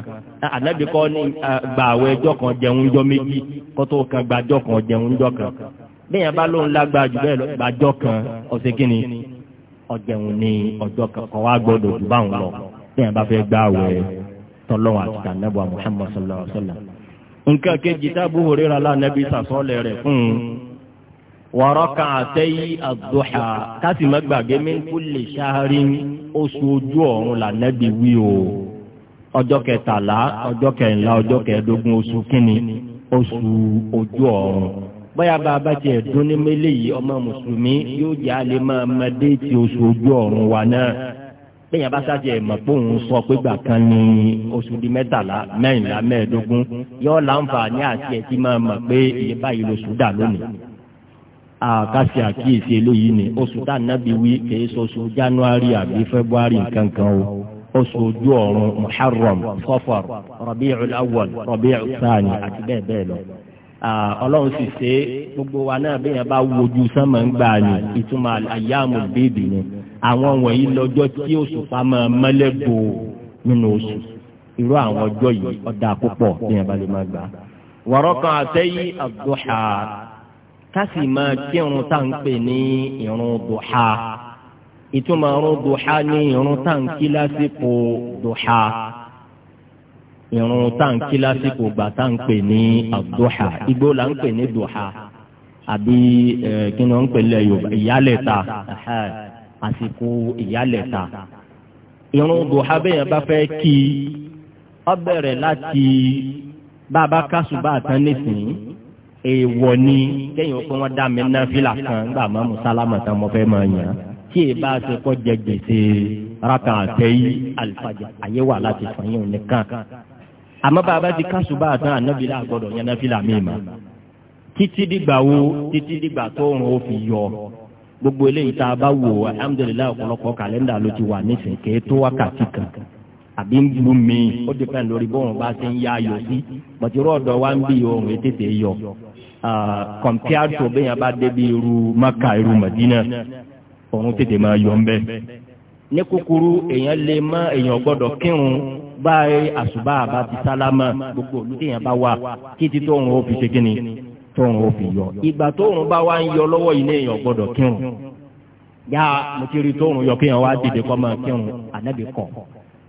ànábì kọ́ ní gbà àwọ̀ ẹjọ́ kan jẹun jọ méjì kótó kan gbàjọ́ kan jẹun jọ kan bẹ́yẹn bá lóun lágbà jù bẹ́ẹ̀ lọ gbàjọ́ kan ọ̀sẹ̀ kínni ọjẹun ní ọjọ́ kankan wá gbọ́dọ̀ jù báwọn lọ bí wọn bá fẹ́ gbá àwẹ̀ tọlọ́run àti tànẹbùà Muhammad sallallahu alaihi wa sallam. nǹkan kejì tábù Huraira lánàbí sàsọlẹ rẹ fún un wàrọ́kà àtẹ́yí àdùhà káàsì má gbàgbé min kulli shahrin oṣù ojú ọ̀run lànàbí wí o ọjọ́ kẹtàlá ọjọ́ kẹrìnlá ọjọ́ kẹẹ̀ẹ́dógún oṣù kínní oṣù ojú ọ̀run bóyá bàbá tiẹ̀ dún ní mélé yìí ọmọ mùsùlùmí yóò jẹ́ alẹ́ máa ma déètì oṣù ojú ọ̀run wa náà bẹ́ẹ̀ yẹn bá sáàjẹ́ mọ̀ pé òun sọ pé gbà kan ní oṣù di mẹ́tàlá mẹ́rìnlá mẹ́ẹ̀ẹ́dógún yóò láǹfààní àti ẹtí máa mọ̀ pé iye báyìí lóṣù dà lónìí àkàṣì àkíyèsí eléyìí ni oṣù tá nábì wí kìí ṣoṣù january àbí february nkankan o oṣù ojú ọ̀run muharram safar rabi'ul awwal rabi'ul thani àti bẹ́ẹ̀ bẹ́ẹ̀ lọ. Ah, ọlọ́run sì ṣe gbogbo wa náà bí yẹn bá wojú sánmọ̀ ń gbà ní ìtumọ̀ àyàmù bèbè ni àwọn wọ̀nyí lọ́jọ́ tí òṣùpá máa mọ́lẹ̀ bò nínú oṣù irú àwọn ọjọ́ yìí ọ̀dà púpọ̀ bí yẹn bá lè máa gbà. wọ̀rọ̀ kan àtẹ́yí àdùhà kásì máa kírun tá à ń pè ní ìrun dùhà ìtumọ̀ ìrun dùhà ní ìrun tá à ń kí lásìkò dùhà irun tá à ń kí lásìkò gbà tá à ń pè ní àdùhà igbó là ń pè ní dùhà àbí kí ni wọ́n ń pè lẹ́ yorùbá ìyálẹ̀ta àsìkò ìyálẹ̀ta irun dùhà bẹ́yẹn bá fẹ́ kí ọ bẹ̀rẹ̀ láti bàbá kásùbà tán nísìnyí èèwọ̀ ni kéèyàn kó wọ́n dá mi ná fílà kan gbà má mùsálámà tán mo fẹ́ máa yàn tí èyí bá ṣe kọ́ jẹ gbèsè rákà àtẹ́yí àlùfáàjà àyè wà láti fún yín nìkan àmọ́ bá a bá ti káṣù bá a tán ànábì là gbọ́dọ̀ yẹn náfìlà míì mọ́ títí dìgbà wo títí dìgbà tó ń o fi yọ gbogbo eléyìí tá a bá wò alhamdulilayi ọ̀pọ̀lọpọ̀ kàlẹ́ndà ló ti wà nísìnyí kéé tó wákàtí kan àbí ń bu mi ó di pẹ́ lórí bóun bá ti ń yá ayò sí bàtírọ̀ ọ̀dọ̀ wa ń bí ohun ètètè yọ compared to bẹ́ẹ̀ yẹn bá débi irú maka irú madina òun tètè máa yọ ń bẹ́ẹ̀. ní kúkúrú èèyàn lè má èèyàn gbọ́dọ̀ kírun bá àṣùbà bá ti sálámà gbogbo olùdíyàn bá wà kí ti tó òun ó fi ṣe kí ni tó òun ó fi yọ ìgbà tó òun bá wá ń yọ lọ́wọ́ yìí lẹ́yìn ọ̀gbọ́dọ̀ kírun yá mo ti rí tó òun yọ kéèyàn wá dìde kọ́ máa kírun ànábì kọ̀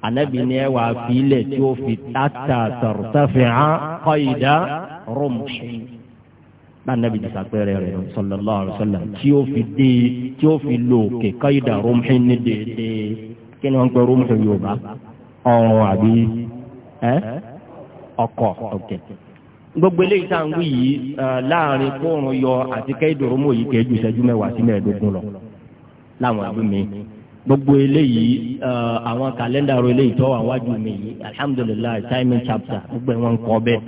ànábì ni ẹ wà fi ilẹ̀ tí ó fi tàtà tàrútàfẹ̀hán kọ́ ìdá rọ́mùsì lánàbì ti sàpẹrẹ rẹ sallallahu alaihi wasallam tí ó fi dé tí ó fi lò kéka ìdá rọ́mùsì ní déédéé kí ni wọ́n ń pẹ́ rọ́mùsì yorùbá ọrùn àbí ọkọ̀ ọ̀kẹ́. gbogbo eléyìí tá à ń wí yìí láàrin kóòrùn yọ àti kẹ́hìndòrò mọ̀ yìí kẹ́jú ìṣẹ́jú mẹ́wàá sí mẹ́ẹ̀ẹ́dógún lọ láwọn ìlú mi gbogbo eléyìí àwọn kàlẹ́ndà ro eléyìí tó wà wájú mi yìí alhamdulilayi simon chapter gbogbo wọn kọ bẹ́ẹ̀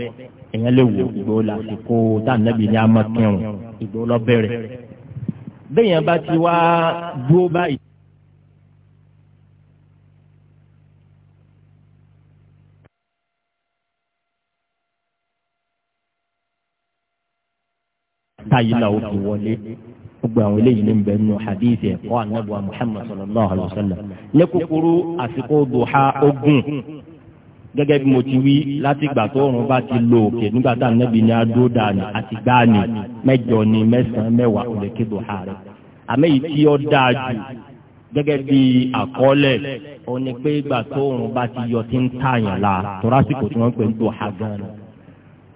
èèyàn lè wò ìgbò lásìkò tá à nàbì ní amákẹ́rùn ìgbò lọ bẹ́ẹ̀ yẹn bá ti wá dúró báyìí. táyì làwọn fi wọlé gbogbo àwọn eléyìí ní bẹ́ẹ̀ nù hadith ẹ̀kọ́ anábọ̀ muhammad sallallahu alayhi wa sallam ní kúkúrú àsìkò duha ogun gẹ́gẹ́ bí mo ti wí láti ìgbà tó ọ̀run bá ti lo òkè nígbà tá ànábì ní adó dànù àti gbáàní mẹ́jọ ní mẹ́sàn-án mẹ́wàá kò lè ké duha rẹ̀ àmọ́ èyí tí ó dáa jù gẹ́gẹ́ bí àkọọ́lẹ̀ ó pé ìgbà tó ọ̀run bá ti yọ ti ń tààyàn la tọ́rásìkò tí wọ́n pè ń duha gan-an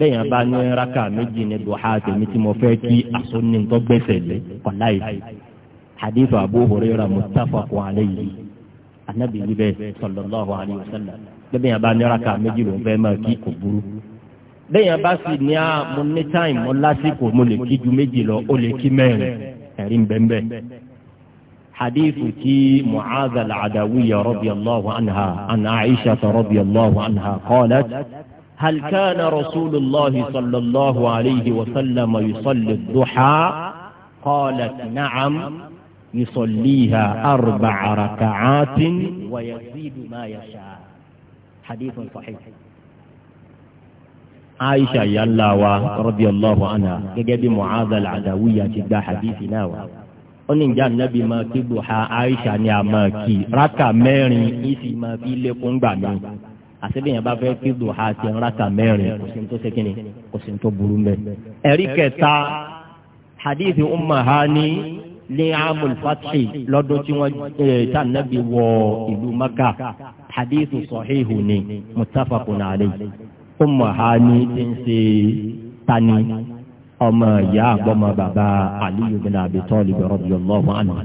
bẹ́ẹ̀ yẹn bá ní raka méjì ní duha tèmi tí mo fẹ́ kí asonintọ́ gbèsè lé kọ́lá yìí hadith abu hurairah muttafaqun alayhi anabi yìí bẹ́ẹ̀ sallallahu alayhi wa sallam bẹ́ẹ̀ yẹn bá ní raka méjì ló ń fẹ́ máa kí kò burú bẹ́ẹ̀ yẹn bá sì ní a mo ní táìm mo lásìkò mo lè kí ju méjì lọ ó lè kí mẹ́rin ẹ̀rí bẹ́ẹ̀ bẹ́ẹ̀ ti mu'adha al-adawiyya radiyallahu anha an aisha radiyallahu anha qalat. هل كان رسول الله صلى الله عليه وسلم يصلي الضحى قالت نعم يصليها أربع ركعات ويزيد ما يشاء حديث صحيح عائشة يلا رضي الله عنها جدي معاذ العدوية جدا حديث ناوى أن جاء النبي ما kí عائشة Aisha ni a máa kí rákà mẹ́rin ìsì máa àṣebíyàn bá fẹ́ kí duha ti ńlaka mẹ́rin kò sí ní tó sẹ́kìnì kò sí ní tó burú mbẹ́. ẹ̀rí kẹta hadithi umma hani ní amul fathi lọ́dún tí wọ́n eh, ta nabi wọ ìlú maka hadithi sọ̀híhù ni muttafaqun alayhi umma hani ti ń ṣe tani ọmọ ìyá àgbọ̀mọ bàbá aliyu bin abi talib radiyallahu anhu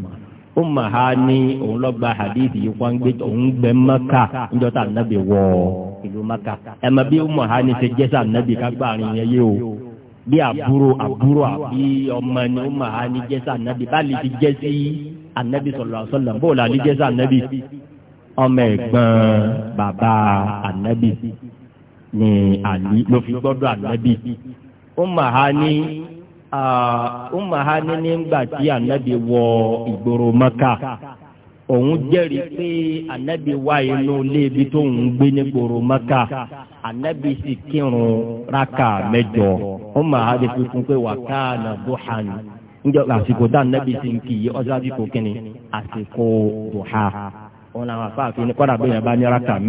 umma hani òun lọ gba hadithi yìí wọn gbé òun gbẹ maka níjọ tá anabi wọ ìlú maka ẹ ma bí umma hani ṣe jẹ sá anabi ká gbà rìn yẹn yé o bí àbúrò àbúrò àbí ọmọ ni umma hani jẹ sá anabi bá lè ti jẹ sí anabi sọlọ sọlọ bó la lè jẹ sá anabi ọmọ ẹ̀gbọ́n bàbá anabi ni àlí ló fi gbọ́dọ̀ anabi umma hani. umahani nígbà tí anabi wọ ìgboro maka òun jẹ́rìí pé anabi wá inú ilé tó ń gbé ní maka anabi sì kírun raka mẹ́jọ umahani tuntun pé wàkàna duhan njẹ àsìkò tá anabi sì ń kì í ọsàbí kò kínní àsìkò duha wọn làwọn afáàfin bẹ́ẹ̀ bá ní raka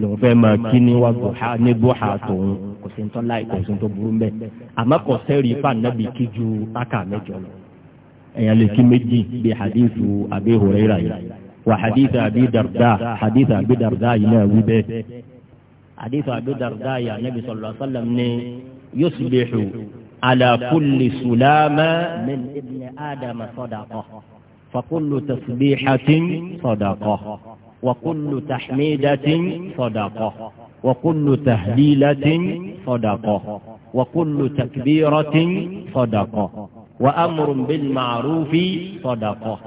lòun fẹ́ máa kí ní wá gbòha ní gbòha tòun kò sí tó láì kò sí tó burú mbẹ àmọ́ kò sẹ́rí ipá nàbì kí ju aka mẹ́jọ lọ. èèyàn lè kí méjì bí hadithu abi huraira yìí wà hadithu abi darda hadithu abi darda yìí náà wí bẹ́ẹ̀. hadithu abi darda yìí anabi sallallahu alaihi wasallam ní yusbihu ala kulli sulama min ibni adama sadaqa fa kullu tasbihatin وكل تحميدة صدقة وكل تهليلة صدقة وكل تكبيرة صدقة وأمر بالمعروف صدقة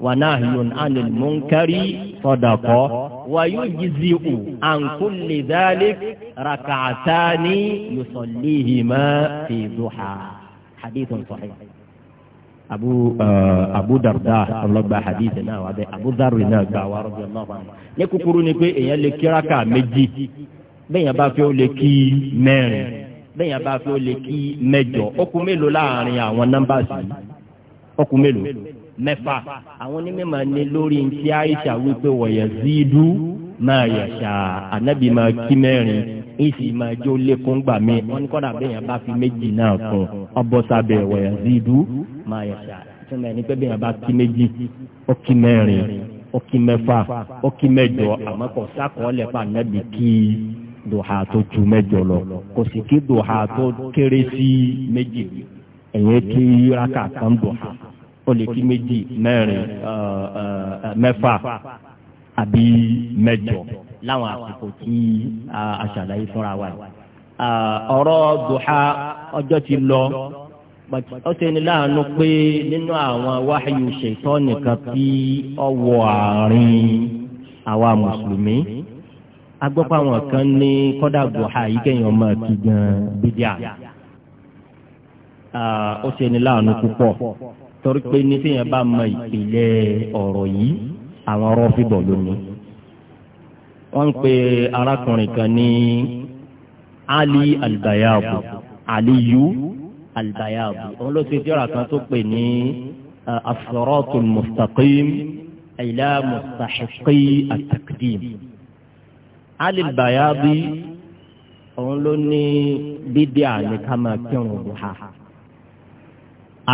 ونهي عن المنكر صدقة ويجزئ عن كل ذلك ركعتان يصليهما في ضحى حديث صحيح abu uh, abu darda ọlọgba hadith náà wà bẹ abu darda náà gba wa rọbì ọlọgba ní kúkúrú ni pé èèyàn lè kí raka méjì bẹ́ẹ̀yàn bá fẹ́ ó lè kí mẹ́rin bẹ́ẹ̀yàn bá fẹ́ ó lè kí mẹ́jọ ọkùn mélòó láàrin àwọn nọ́mbàsì ọkùn mélòó mẹ́fà àwọn onímọ̀ ni lórí ntí aisha wípé wọ̀yẹ̀ zídú máa yẹ̀ ṣá ànábì máa kí mẹ́rin isi máa jó lékún gbà mí wọn ní kọ́dà bẹ́ẹ̀ yẹn bá fi méjì náà kún ọbọ̀ sábẹ̀ wọ̀nyẹn zidu máa yẹ ṣá túmọ̀ ẹni pé bẹ́ẹ̀ yẹn bá kí méjì ó kí mẹ́rin ó kí mẹ́fà ó kí mẹ́jọ àmọ́ kò sákọọ́lẹ̀ fà nẹ́bi kí dùhà tó ju mẹ́jọ lọ kò sì kí dùhà tó kéré sí méjì ẹ̀yẹ kí rákà kan dùhà ó lè kí méjì mẹ́rin mẹ́fà àbí mẹ́jọ láwọn àsìkò tí a ṣàlàyé fúnra wa yìí. ọ̀rọ̀ duha ọjọ́ ti lọ ó ṣe ní láàánú pé nínú àwọn wáhíù ṣètọ́ nìkan tí ó wọ àárín àwa mùsùlùmí agbọ́pọ̀ àwọn kan ní kọ́dà duha yìí kẹ́yìn ọmọ kí gan bídíà ó ṣe ní láàánú púpọ̀ torí pé ní tíyẹn bá mọ ìpìlẹ̀ ọ̀rọ̀ yìí àwọn ọ̀rọ̀ fìbọ̀ lónìí wọ́n ń pe arákùnrin kan ní ali albayabu aliyu albayabu òun ló ti jọra kan tó pè ní uh, as-siratul mustaqim ila mustahiqi at-taqdim ali albayabu òun ló ní bídíà ní ká máa kírun duha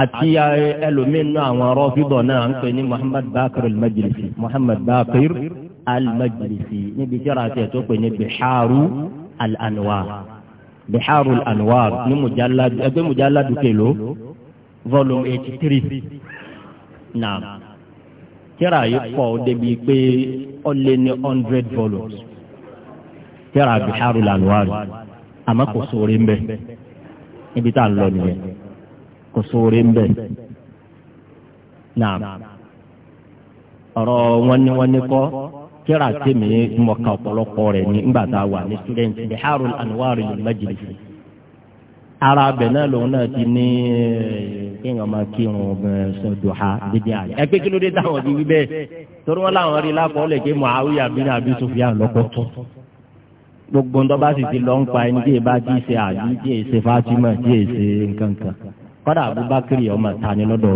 àti uh, ẹlòmínú àwọn rọ́fídọ̀ náà ń pè ní muhammad bakir al-majlisi muhammad bakir al-Majlisi níbi tíra àti ẹ̀tọ́ pé ní biharu al-anwar biharu al-anwar ní mujalladu ẹgbẹ́ mujalladu kelo volume eighty three naam tíra yìí pọ̀ débi pé ó lé ní hundred volumes tíra biharu al-anwar àmọ́ kò sóore ń bẹ níbi tá à lọ nìyẹn kò sóore ń bẹ naam ọ̀rọ̀ wọn ni wọn ni kọ́. tíra tèmi ọ̀pọ̀lọpọ̀ rẹ̀ ní a wà ní student biharul anwar yìí ara abẹ náà lòun náà ti ní eh, kéèyàn máa kírun eh, sọ duha dídí àlẹ. ẹ kí ló dé táwọn ti wí torí wọn láwọn rí lápò ọ̀lẹ̀ pé muawiya bin abi sufyan lọ́kọ̀ gbogbo ńdọ́ bá sì ti lọ ń pa ẹni díẹ̀ bá ti ṣe díẹ̀ ṣe fatima díẹ̀ ṣe kọ́dà abubakar ọmọ ta ni lọ́dọ̀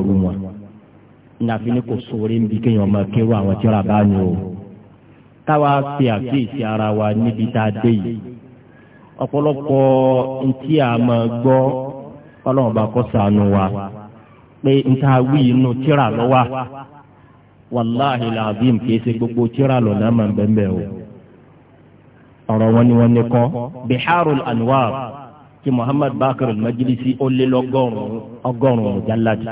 o. táwa fi àkíyèsí ara wa níbi tá a dé yìí ọ̀pọ̀lọpọ̀ ntí a máa gbọ́ ọlọ́run bá kọ́ sànù wa pé nta wí inú tíra lọ́wọ́ wàláhì làbím kìí ṣe gbogbo tíra lọ́nà máa ń o ọ̀rọ̀ wọn ni wọ́n ní kọ́ biharul anwar ti muhammad bakr majlisi ó lé lọ́gọ́rùn-ún ọgọ́rùn-ún jáládì.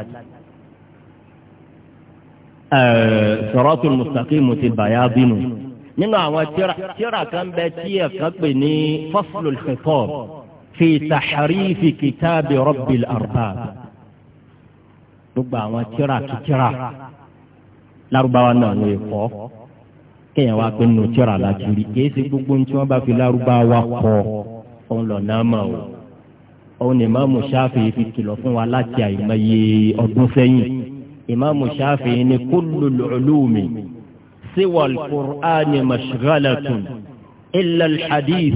siratul mustaqim ti bàyá bínú nínú àwọn tíra tíra kan bẹ tí ẹ kan pè ní faslul khitab fi tahrifi kitabi rabbil arbab gbogbo àwọn tíra kìtíra lárúbáwá náà ló kọ́ kéèyàn wá pé nínú tíra láti rí kìí ṣe gbogbo ní tí wọ́n bá fi lárúbáwá kọ́ òun lọ náà mọ̀ o òun ni ìmáàmù ṣáfì fi kìlọ̀ fún wa láti àìmọye ọdún sẹ́yìn ìmáàmù ṣáfì ni kullul ulumi. سوى القرآن مشغلة إلا الحديث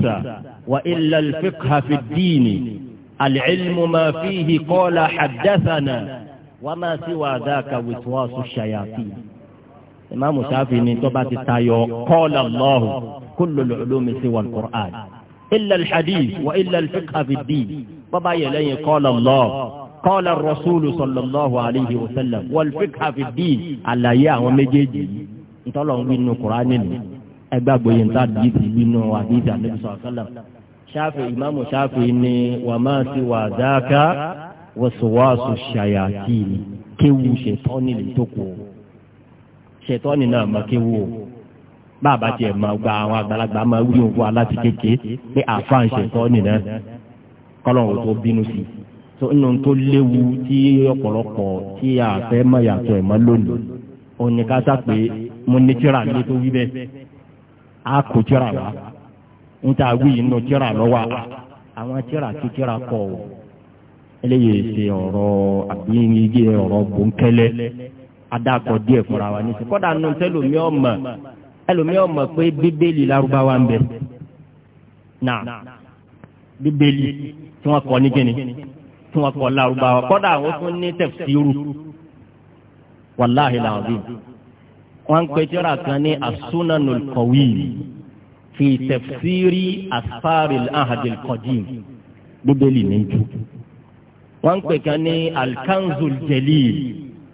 وإلا الفقه في الدين العلم ما فيه قال حدثنا وما سوى ذاك وسواس الشياطين إمام شافعي من طبعة التايو قال الله كل العلوم سوى القرآن إلا الحديث وإلا الفقه في الدين طبعا يلي قال الله قال الرسول صلى الله عليه وسلم والفقه في الدين على ياه ومجيجي ntọ́lọ̀ ń wí kùránì nù ẹgbàgbọ́ yìí ntá dìísì wí nínú àdìísì àdìísì sọ̀kálà ṣáfì ìmáàmù ṣáfì ní wà máa ti wà dáká wọ́sowọ́sọ ṣàyàtì kéwu ṣètọ́ni lè tó ṣètọ́ni náà máa kéwu o bàbá tiẹ̀ máa gba àwọn àgbàlagbà máa wí òkú aláti kéke pé àfáàn ṣètọ́ni náà kọ́lọ́hún tó bínú sí i tó tó léwu tí ọ̀pọ̀lọpọ̀ tí àfẹ́ máa yàtọ̀ ẹ̀ máa lónìí òní ká sá pé mo ní tíra ní tó wí bẹ́ẹ̀ a kò tíra wa n ta wí inú tíra lọ́wọ́ a àwọn tíra tí tíra kọ̀ o eléyìí ṣe ọ̀rọ̀ àbí ọ̀rọ̀ bòńkẹ́lẹ́ adakọ̀ díẹ̀ fúnra wa ní kọ́dà nù sẹ́lómi ọmọ ẹlòmí pé bíbélì lárúbáwá ń bíbélì tí wọ́n kọ tí wọ́n lárúbáwá kọ́dà àwọn ní tẹ̀síìrù wàláhìlà wọ́n ń pẹ́tẹ́rà kan ní as fi tafsiri asfaril ahadil qadim bíbélì ní jù wọ́n ń pẹ́ kan ní al-kanzul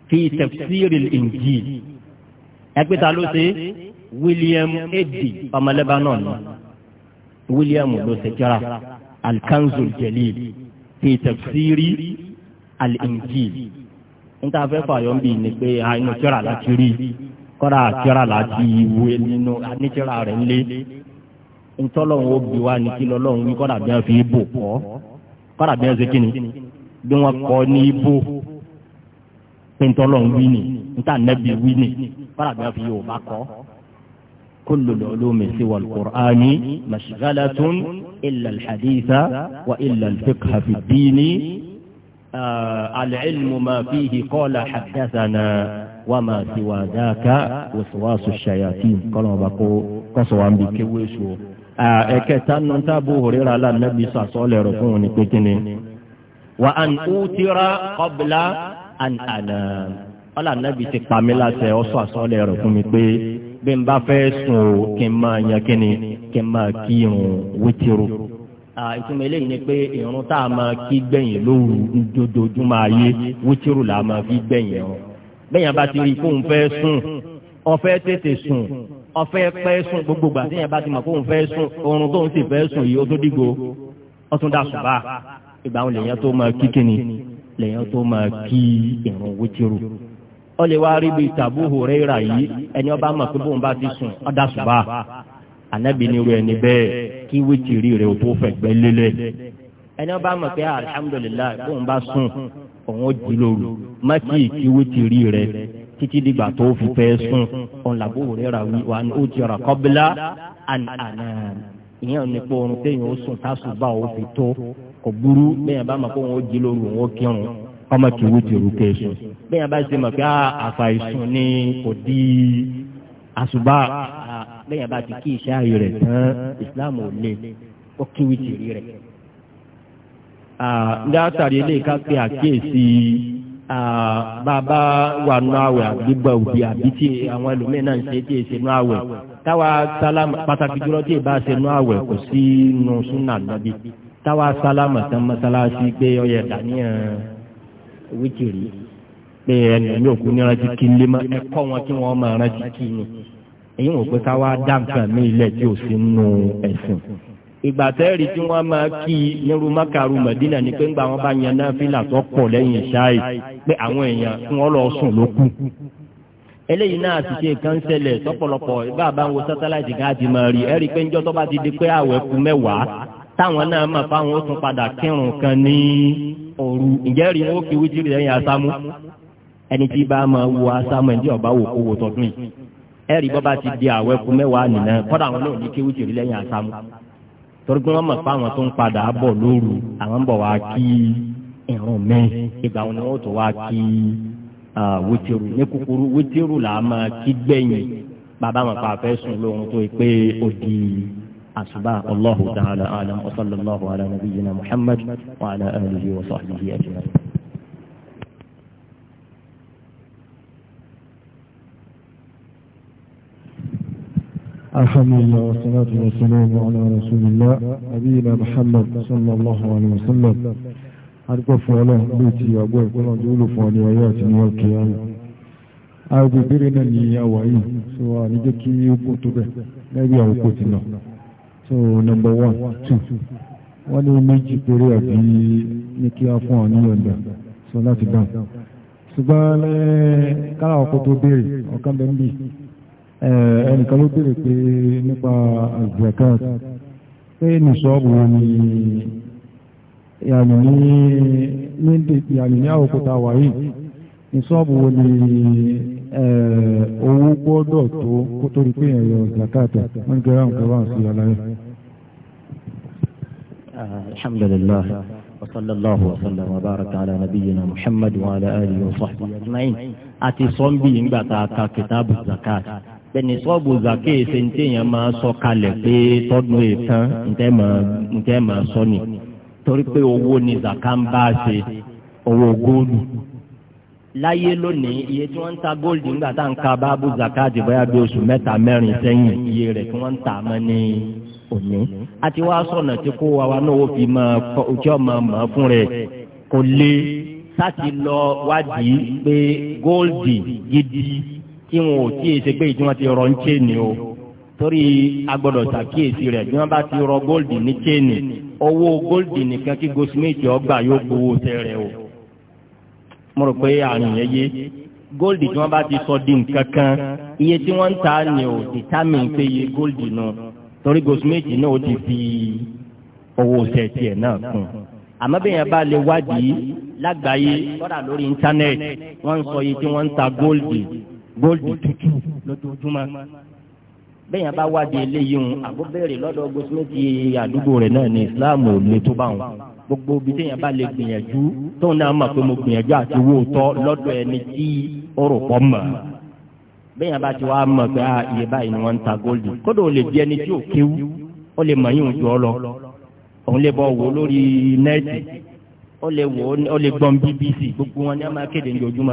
fi tafsiril injil ẹgbẹ́ ta ló ṣe William Eddy ọmọ Lebanon William ló ṣe tẹ́ra al-kanzul jalil fi tafsiri al-injil níta fẹ́ fààyàn bíi ni pé àìnú tẹ́ra láti rí i kọ́ra àtìrà láti ìwé nínú anítìrà rẹ̀ ńlé ntọ́lọ́hún òbí wa ní kí lọ́lọ́hún wí kọ́ra bí wọ́n fi ibò kọ́ kọ́ra bí wọ́n ṣe kíni bí wọ́n kọ́ ní ibò pé ntọ́lọ́hún wí ni nta nẹ́bí wí ni kọ́ra bí wọ́n fi yóò bá kọ́. كل العلوم سوى القرآن مشغلة إلا الحديث وإلا الفقه في الدين آه العلم ما فيه قال حدثنا wa ma siwa daka wasuwasu shayatin kọlọn ba ko kọsọwa bi kewe so aa ẹkẹta nọnta horira la nabi sasọ lẹrẹ fún ni pékinni wa an tira qabla an ana wala nabi ti kpami la sẹ ọsọ asọ lẹrẹ fún mi pé bí n bá fẹ́ sùn o kí n máa yan kí ni kí n máa kí irun wítìrú. ìtumọ̀ eléyìí ni pé irun tá a máa kí gbẹ̀yìn lóru dojoojúmọ́ ayé wítìrú la máa fi gbẹ̀yìn o bẹ́yàn bá ti rí kóun fẹ́ sùn ọ̀fẹ́ tètè sùn ọ̀fẹ́ pẹ́ sùn gbogbo gbà téèyàn bá ti mọ̀ kóun fẹ́ sùn oorun tóun sì fẹ́ sùn yìí ó tó dìgbò ó tún dà sùn bá ìgbà wọn lèyàn tó máa kí kíni lèyàn tó máa kí ìrun wítìrù ó lè wá rí bí tàbú Huraira yìí ẹni ọba mọ̀ pé bóun bá ti sùn ó dà sùn bá ànábì ni irú ẹni bẹ́ẹ̀ kí wítìrì rẹ̀ ó tó fẹ̀gbẹ́ lélẹ̀ ẹni wọn bá mọ̀ pé ah, alihamudulilayi bóun bá sùn òun ó di lóru má kí ìkí wítìrí rẹ títí dìgbà tó fi fẹ́ sùn òun làbó rẹ́ra wí wa ni ó jẹrà kọ́bílá àná ìyẹn ní pé oorun téèyàn ó sùn tásùn bá òun fi tó kò burú bẹ́ẹ̀ bá mọ̀ pé òun ó di lóru òun ó kírun ọmọ kì í wítìrí kẹ́sùn bẹ́ẹ̀ bá ṣe mọ̀ pé ah, àfàìsùn ni kò di àṣùbà bẹ́ẹ̀ bá ti kí ìṣe ààyè rẹ̀ tán ìsìláàmù ò le ó kí wítìrí rẹ̀ látàrí ilé ká pé àkíyèsí bàbá wà nù àwẹ̀ àgbégbà òbí àbí tí àwọn ẹlòmíràn náà ń ṣe tí èsì nù àwẹ̀ táwa sálámà pàtàkì jùlọ tí ìbá ṣe nù àwẹ̀ kò sí nù súnà nàbí táwa sálámà tán mọ́sálásí pé ọyẹ dàníyàn wíkìrì pé ẹnu mi ò kú ní rántí kí n lé mọ́ ẹ̀kọ́ wọn kí wọ́n máa rántí kí ni èyí wọ́n pé káwa dá nǹkan mi ilẹ̀ tí ò sí nù ẹ̀sìn ìgbà tẹ́rì tí wọ́n máa kí i nírú mákàrú mẹ̀dínà ni pé ńgbà wọn bá yan náà fílà tó pọ̀ lẹ́yìn ṣáì pé àwọn èèyàn tí wọ́n lọ sùn ló kù. eléyìí náà ti ṣe kan ṣẹlẹ̀ sọ́pọ̀lọpọ̀ bá ń wo sátáláìtì ká máa rí ẹ̀rí pé ńjọ́ tó bá ti di pé àwẹ̀ kù mẹ́wàá táwọn náà máa fáwọn ó tún padà kírun kan ní òru ìjẹ́rìí wọn ó fi wíjì lẹ́yìn asámú ẹni tí bá máa wo asámú ẹni tí ọba wò kó wò tọdún yìí ẹ̀rí bọ́ bá ti di àwẹ̀ kù mẹ́wàá nìyẹn kọ́dà àwọn náà ní kéwìjì lẹ́yìn asámú torí pé wọ́n mọ̀ pé àwọn tó ń padà bọ̀ lóru àwọn ń bọ̀ wá kí ìrun mi ìgbà wọn ni wọ́n tó wá kí wítìrù ní kúkúrú wítìrù là á máa kí gbẹ̀yìn bàbá wọn pa fẹ́ lóhun tó pé ó di àṣùbà Allahu ta'ala alam wa sallallahu ala nabiyyina Muhammad wa ala alihi wa sahbihi ajma'in. الحمد لله والصلاة والسلام على رسول الله أبينا محمد صلى الله عليه وسلم أرقف الله بيتي أبوه كل أجول فعلي آياتنا والقيامة أعوذ برنا لي أوعي سواء نجكي يقوت به نبي أوقوتنا so number one two wọ́n ní méjì péré àbí ní kí á fún àníyàn dà so láti dáhùn ṣùgbọ́n kára ọkọ̀ tó béèrè ọ̀kan ẹnìkan ló béèrè pé nípa zakat pé nìṣọ́ọ̀bù wọn ni ìyàmì ní ìyàmì ní àwòkúta wàyí nìṣọ́ọ̀bù wọn ni owó gbọ́dọ̀ tó kó tó rí pé ẹ̀yọ zakat wọ́n ń gẹ́rẹ́ nǹkan wọ́n sí aláyé. alhamdulillah wa sallallahu wa sallam wa baraka ala nabiyyina muhammad wa ala alihi wa sahbihi ajma'in àti sọ́ńbì bẹ́ẹ̀ni sọ́ọ̀bù zàkè ṣe ń téèyàn máa sọ kalẹ̀ pé tọ́dún ètàn ntẹ́ máa sọ ni torí pé owó ni zàkà ń bá a ṣe owó góòlù. láyé lónìí iye tí wọ́n ń ta góòlù nígbà tá à ń ka báàbù zàkà àti bóyá bí oṣù mẹ́ta mẹ́rin sẹ́yìn iye rẹ̀ tí wọ́n ń tà mọ́ ní òní. a ti wá sọ̀nà tí kó wa wa náà ó fi máa ojú ọmọ mọ̀ fún rẹ̀ kò lè sáti tí wọn ò tí èsè pé tí wọn ti rọ ń chéènì o torí agbọ́dọ̀ ṣàkíyèsí rẹ̀ bí wọ́n bá ti rọ góòlì ní chéènì owó góòlì nìkan kí goldsmith ọgbà yóò gbowó o mo rò pé àrùn yẹn yé góòlì tí wọ́n bá ti sọ di nǹkan kan iye tí wọ́n ń ta ni ò determine ti fi owó náà kún àmọ́ bí yẹn bá lè wádìí lágbàáyé lórí íńtánẹ́ẹ̀tì wọ́n ń sọ góòlù tútù lójoojúmọ́ bẹ́ẹ̀ yẹn bá wádìí eléyìí ń àbó bẹ̀rẹ̀ lọ́dọ̀ gbósímẹ́tì àdúgbò rẹ̀ náà ní Islam ò lè tó bá wọn gbogbo ibi téèyàn bá lè gbìyànjú tóun náà mọ̀ pé mo gbìyànjú àti wò tọ́ lọ́dọ̀ ẹni tí ó rò pọ̀ mọ̀ bẹ́ẹ̀ yẹn bá ti wá mọ̀ pé ah, iye báyìí ni wọ́n ń ta góòlù kódò ó lè di ẹni tí ò kéwú ó lè mọ̀ yín òjò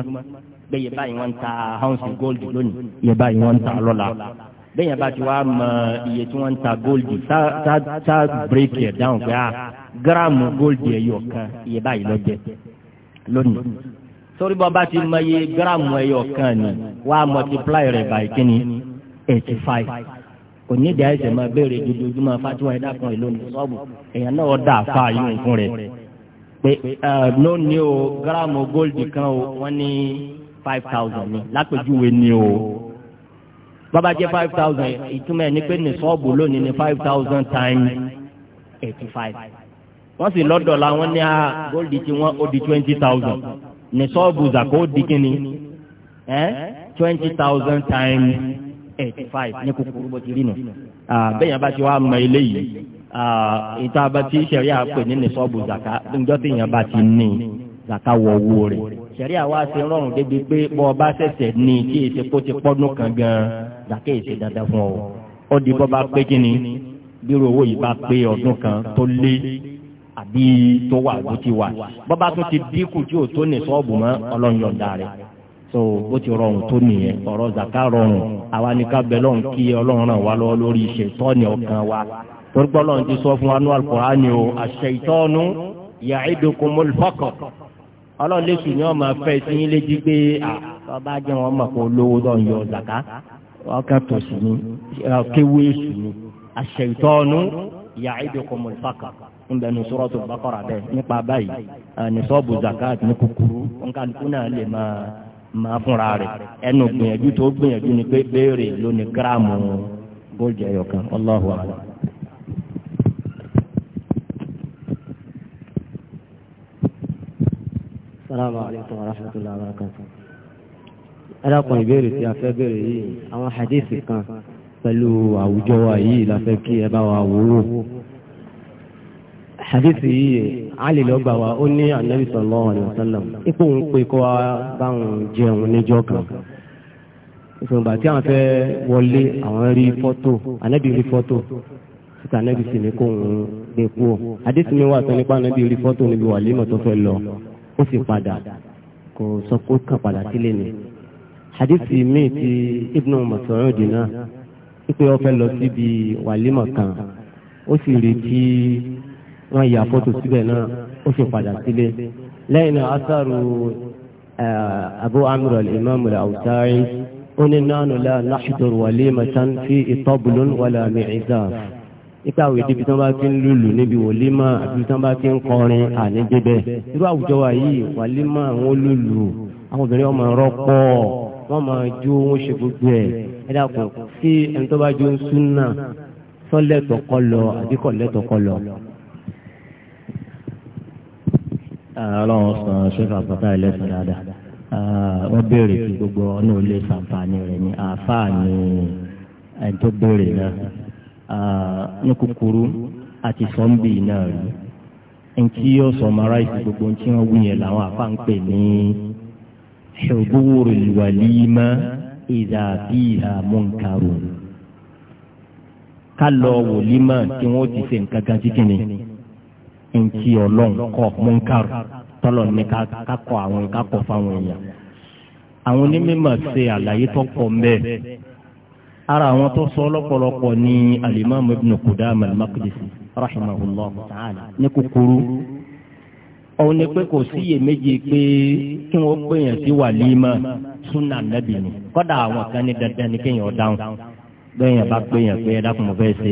ọ bẹ́ẹ̀ báyìí wọ́n ń ta ounce gold lónìí iye báyìí wọ́n ń ta lọ́la bẹ́ẹ̀ bá ti wá mọ iye tí wọ́n ń ta gold tá tá tá break yẹ down pé ah, gíráàmù gold yẹ yọ kan iye báyìí lọ jẹ lónìí sórí bọ́ bá ti mọ iye gíráàmù ẹyọ kan ni wàá multiply rẹ̀ báyìí kí ni eighty five kò ní ìdí àìsàn máa béèrè dojoojúmọ́ fatiwa ẹ̀dá kan ìlú ní sọ́ọ̀bù èèyàn náà dà fa yóò fún rẹ̀ pé eh, lónìí o gíráàmù gold kan o wọ́n ní five thousand ni lápèjúwe ni o bàbá jẹ́ five thousand ìtumọ̀ ẹ̀ ni pé ní sọ́ọ̀bù lónìí ni five thousand times eighty five wọ́n sì lọ́dọ̀ la wọ́n ní a ah, góòlì tí wọ́n ó di twenty thousand ní sọ́ọ̀bù zàkó di kíni twenty thousand times eighty five ní kúkúrú bó ti rí nù bẹ́ẹ̀ yẹn bá ti wá mọ eléyìí ìta bá ti ṣẹ̀rí àpè ní ní sọ́ọ̀bù zàká ǹjọ́ tí yẹn bá ti ní i zaka wọ owó rẹ̀ sẹ̀ríà wa ṣe rọrùn débi pé bọ́ ọ bá ṣẹ̀ṣẹ̀ ní kí èsì kó ti pọ́dún kan gan zaka èsì dandan fún ọ ó di bọ́ bá pé kí ni bírò owó yìí bá pé ọdún kan tó lé àbí tó wà bó ti wà bọ́ bá ti dínkù tí ò tó ní sọ́ọ̀bù mọ́ ọlọ́run yọ̀ǹda rẹ̀ so bó ti rọrùn tó nìyẹn ọ̀rọ̀ zaka rọrùn àwa ní ká bẹ lọ́run kí ọlọ́run ràn wá lọ́wọ́ lórí ìṣètọ́ni ọkàn wa torí pé ọlọ́run ti sọ fún wa ní al àṣẹ ìtọ́nu ya'idukumul faqr ọlọ́run lẹ́sùn ni wọ́n máa fẹ́ sí yín létí pé ọba jẹ́ wọn mọ̀ kó lówó lọ́n yọ zàká ọkàn tó sì ní kéwé sùn ní àṣẹ ìtọ́nu ìyá ìdókòmọ̀ ìfàkà ńbẹ ní Suratul Baqara bẹ́ẹ̀ nípa báyìí ní kúkúrú nkàlùkù náà lè máa máa fúnra rẹ̀ ẹnu gbìyànjú tó gbìyànjú ni pé béèrè Assalamu alaikum warahmatullahi wabarakatuh. ẹlẹ́kùn ìbéèrè tí a fẹ́ béèrè yìí àwọn hadith kan pẹ̀lú àwùjọ wa yìí la fẹ́ kí ẹ bá wa wúrò. hadith yìí Ali ló gbà wá ó ní anabi sallallahu alaihi wasallam ipò ń pe kó wa báwọn jẹun níjọ́ kan ìfọ̀nba tí àwọn fẹ́ wọlé àwọn rí fọ́tò anabi rí fọ́tò síta anabi sì ní kó ń gbé kú ọ hadith mi wà sọ nípa anabi rí fọ́tò níbi wàlímọ̀ tó fẹ́ lọ ó sì padà kò sọ pé ó kàn padà sílé ni hadithi míì ti ibnu Mas'ud náà wípé ó fẹ́ lọ síbi wàlímọ̀ kan ó sì retí wọ́n ya fọ́tò síbẹ̀ náà ó sì padà sílé lẹ́yìn náà asaru eh, abu amr al-imam al-awza'i ó ní nánú la nahdur walimatan fi tabulun wala mi'zaf nípa àwọn èdè ibi tí wọ́n bá ti ń lùlù níbi wòlímà àti tí wọ́n bá ti ń irú àwùjọ wa yìí wàlímà àwọn lùlù àwọn obìnrin ọmọ ẹ̀rọ pọ̀ wọ́n máa jó wọ́n ṣe gbogbo ẹ̀ ẹ dàpọ̀ sí ẹni tó bá jó ń súnà sọ́lẹ̀tọ̀ kọlọ àdíkọ̀ lẹ́tọ̀ kọlọ. ọlọ́run sọ ṣẹ́fà àpáta ẹlẹ́sìn dáadáa wọ́n béèrè kí gbogbo ọ̀nà ò lè rẹ̀ ní àáfàá ni ẹni tó béèrè náà. Ah, ní kúkúrú àti sọ́ńbì náà rí ntí yóò sọmara ìsìn gbogbo ntí wọn wúyẹn làwọn afa ń pè ní ṣubúrú ìwàlímà ìdàbíhà mọ́nkàrò ká lọ wòlímà tí wọn ti ṣe nǹkan kan sí kìnnì ntí ọlọ́run kọ́ mọ́nkàrò tọ́lọ̀ ní ká àwọn ká fáwọn èèyàn àwọn onímọ̀ ṣe àlàyé tó pọ̀ ara àwọn tó sọ lọ́pọ̀lọpọ̀ ní alimami ibn Qudama al-Maqdisi rahimahullah ta'ala ní kúkúrú òun ni pé kò sí iyèméjì pé kí wọ́n gbìyàn sí wàlímà súnà nàbì ni kọ́dà àwọn kan ní dandan ni kéèyàn dáhùn gbẹ̀yìn bá gbẹ̀yìn pé ẹ dákun mo fẹ́ ṣe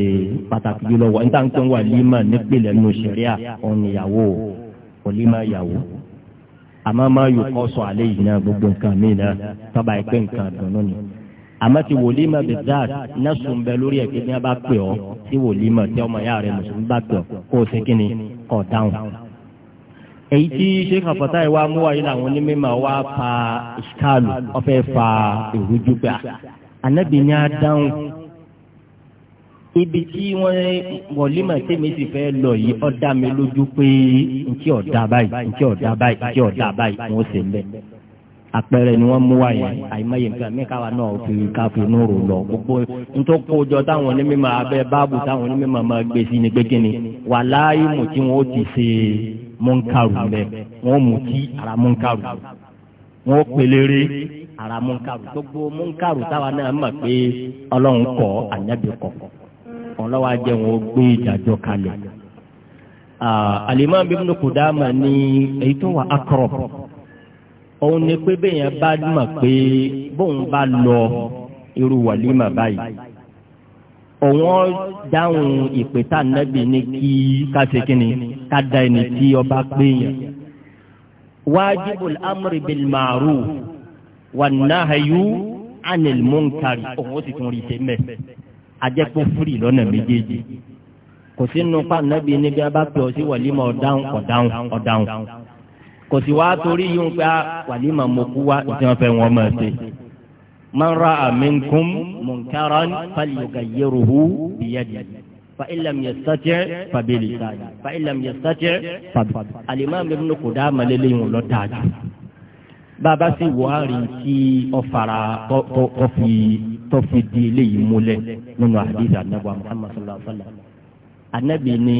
pàtàkì jùlọ wọ níta ń pè wàlímà nípìnlẹ̀ nù sẹ̀ríà òun ìyàwó wàlímà ìyàwó àmọ́ máa yòókọ́ sọ àlẹ́ yìí náà gbogbo nǹkan mí náà tọ́ba ẹgbẹ́ nǹkan àdùnnú ni àmọ́ ti wòlímà bizar nẹ́sùn bẹ lórí ẹ̀ pé bí wọ́n bá pè ọ́ tí wòlímà tí ọmọ ìyá rẹ̀ mùsùlùmí bá pè ọ́ kó o ṣe kí ni kọ̀ dáhùn. èyí tí sheikh afatai wa mú wáyé làwọn onímọ̀ wa fa iskalu ọ̀fẹ́ fa ìrújú gbà anabi ní a dáhùn ibi tí wọ́n wọ̀límà tèmi sì fẹ́ lọ yìí ó mi lójú pé ntí ọ̀dà báyìí ntí ọ̀dà báyìí ntí ọ̀dà báyìí àpẹẹrẹ ni wọ́n mú wáyé àìmọye nǹkan mí káwa náà fi káfí nùrù lọ gbogbo nítorí kójọ táwọn onímọ̀ abẹ́ báàbù táwọn onímọ̀ máa gbé sí ni pé kí ni wà láàyè mú tí wọ́n ti ṣe mọ́ńkàrù lẹ̀ wọ́n mú tí ara mọ́ńkàrù wọ́n pelére ara mọ́ńkàrù gbogbo mọ́ńkàrù táwa náà mọ̀ pé ọlọ́run kọ́ ànábì kọ́ ọlọ́wà jẹ́ wọn gbé ìdájọ́ kalẹ̀ alimami Ibn Qudama ni èyí tó wà akọrọ òun ni pé bẹ́yẹn bá mọ̀ pé bóun bá lọ irú wàlímà báyìí òun dáhùn ìpè tá nẹ́bì ní kí kásìkínni ká da ẹni tí ọba péyàn. wájibul amri bil ma'ruf wà náhayú anil munkari òun ó sì tún rí ṣe mẹ́ ajẹ́pọ̀ fúri lọ́nà méjèèjì kò sínú pa nẹ́bì ní bí a bá ọ sí wàlímà ọ̀dáhùn ọ̀dáhùn ọ̀dáhùn kò sì wá torí yín pé wàlímà mo kú wá tí wọ́n fẹ́ wọn máa ṣe. man ra'a minkum munkaran falyughayyirhu biyadihi fa illam yastati' fa bilisani fa illam yastati' fa bi. alimami ibn Qudama lélẹ́yìn lọ dájú. bàbá sì wàhálì tí ọ̀fàrà kọfí tọ́fi di eléyìí múlẹ̀ nínú àdìsí anábọ̀ Muhammad sallallahu alayhi wa sallam. anábì ni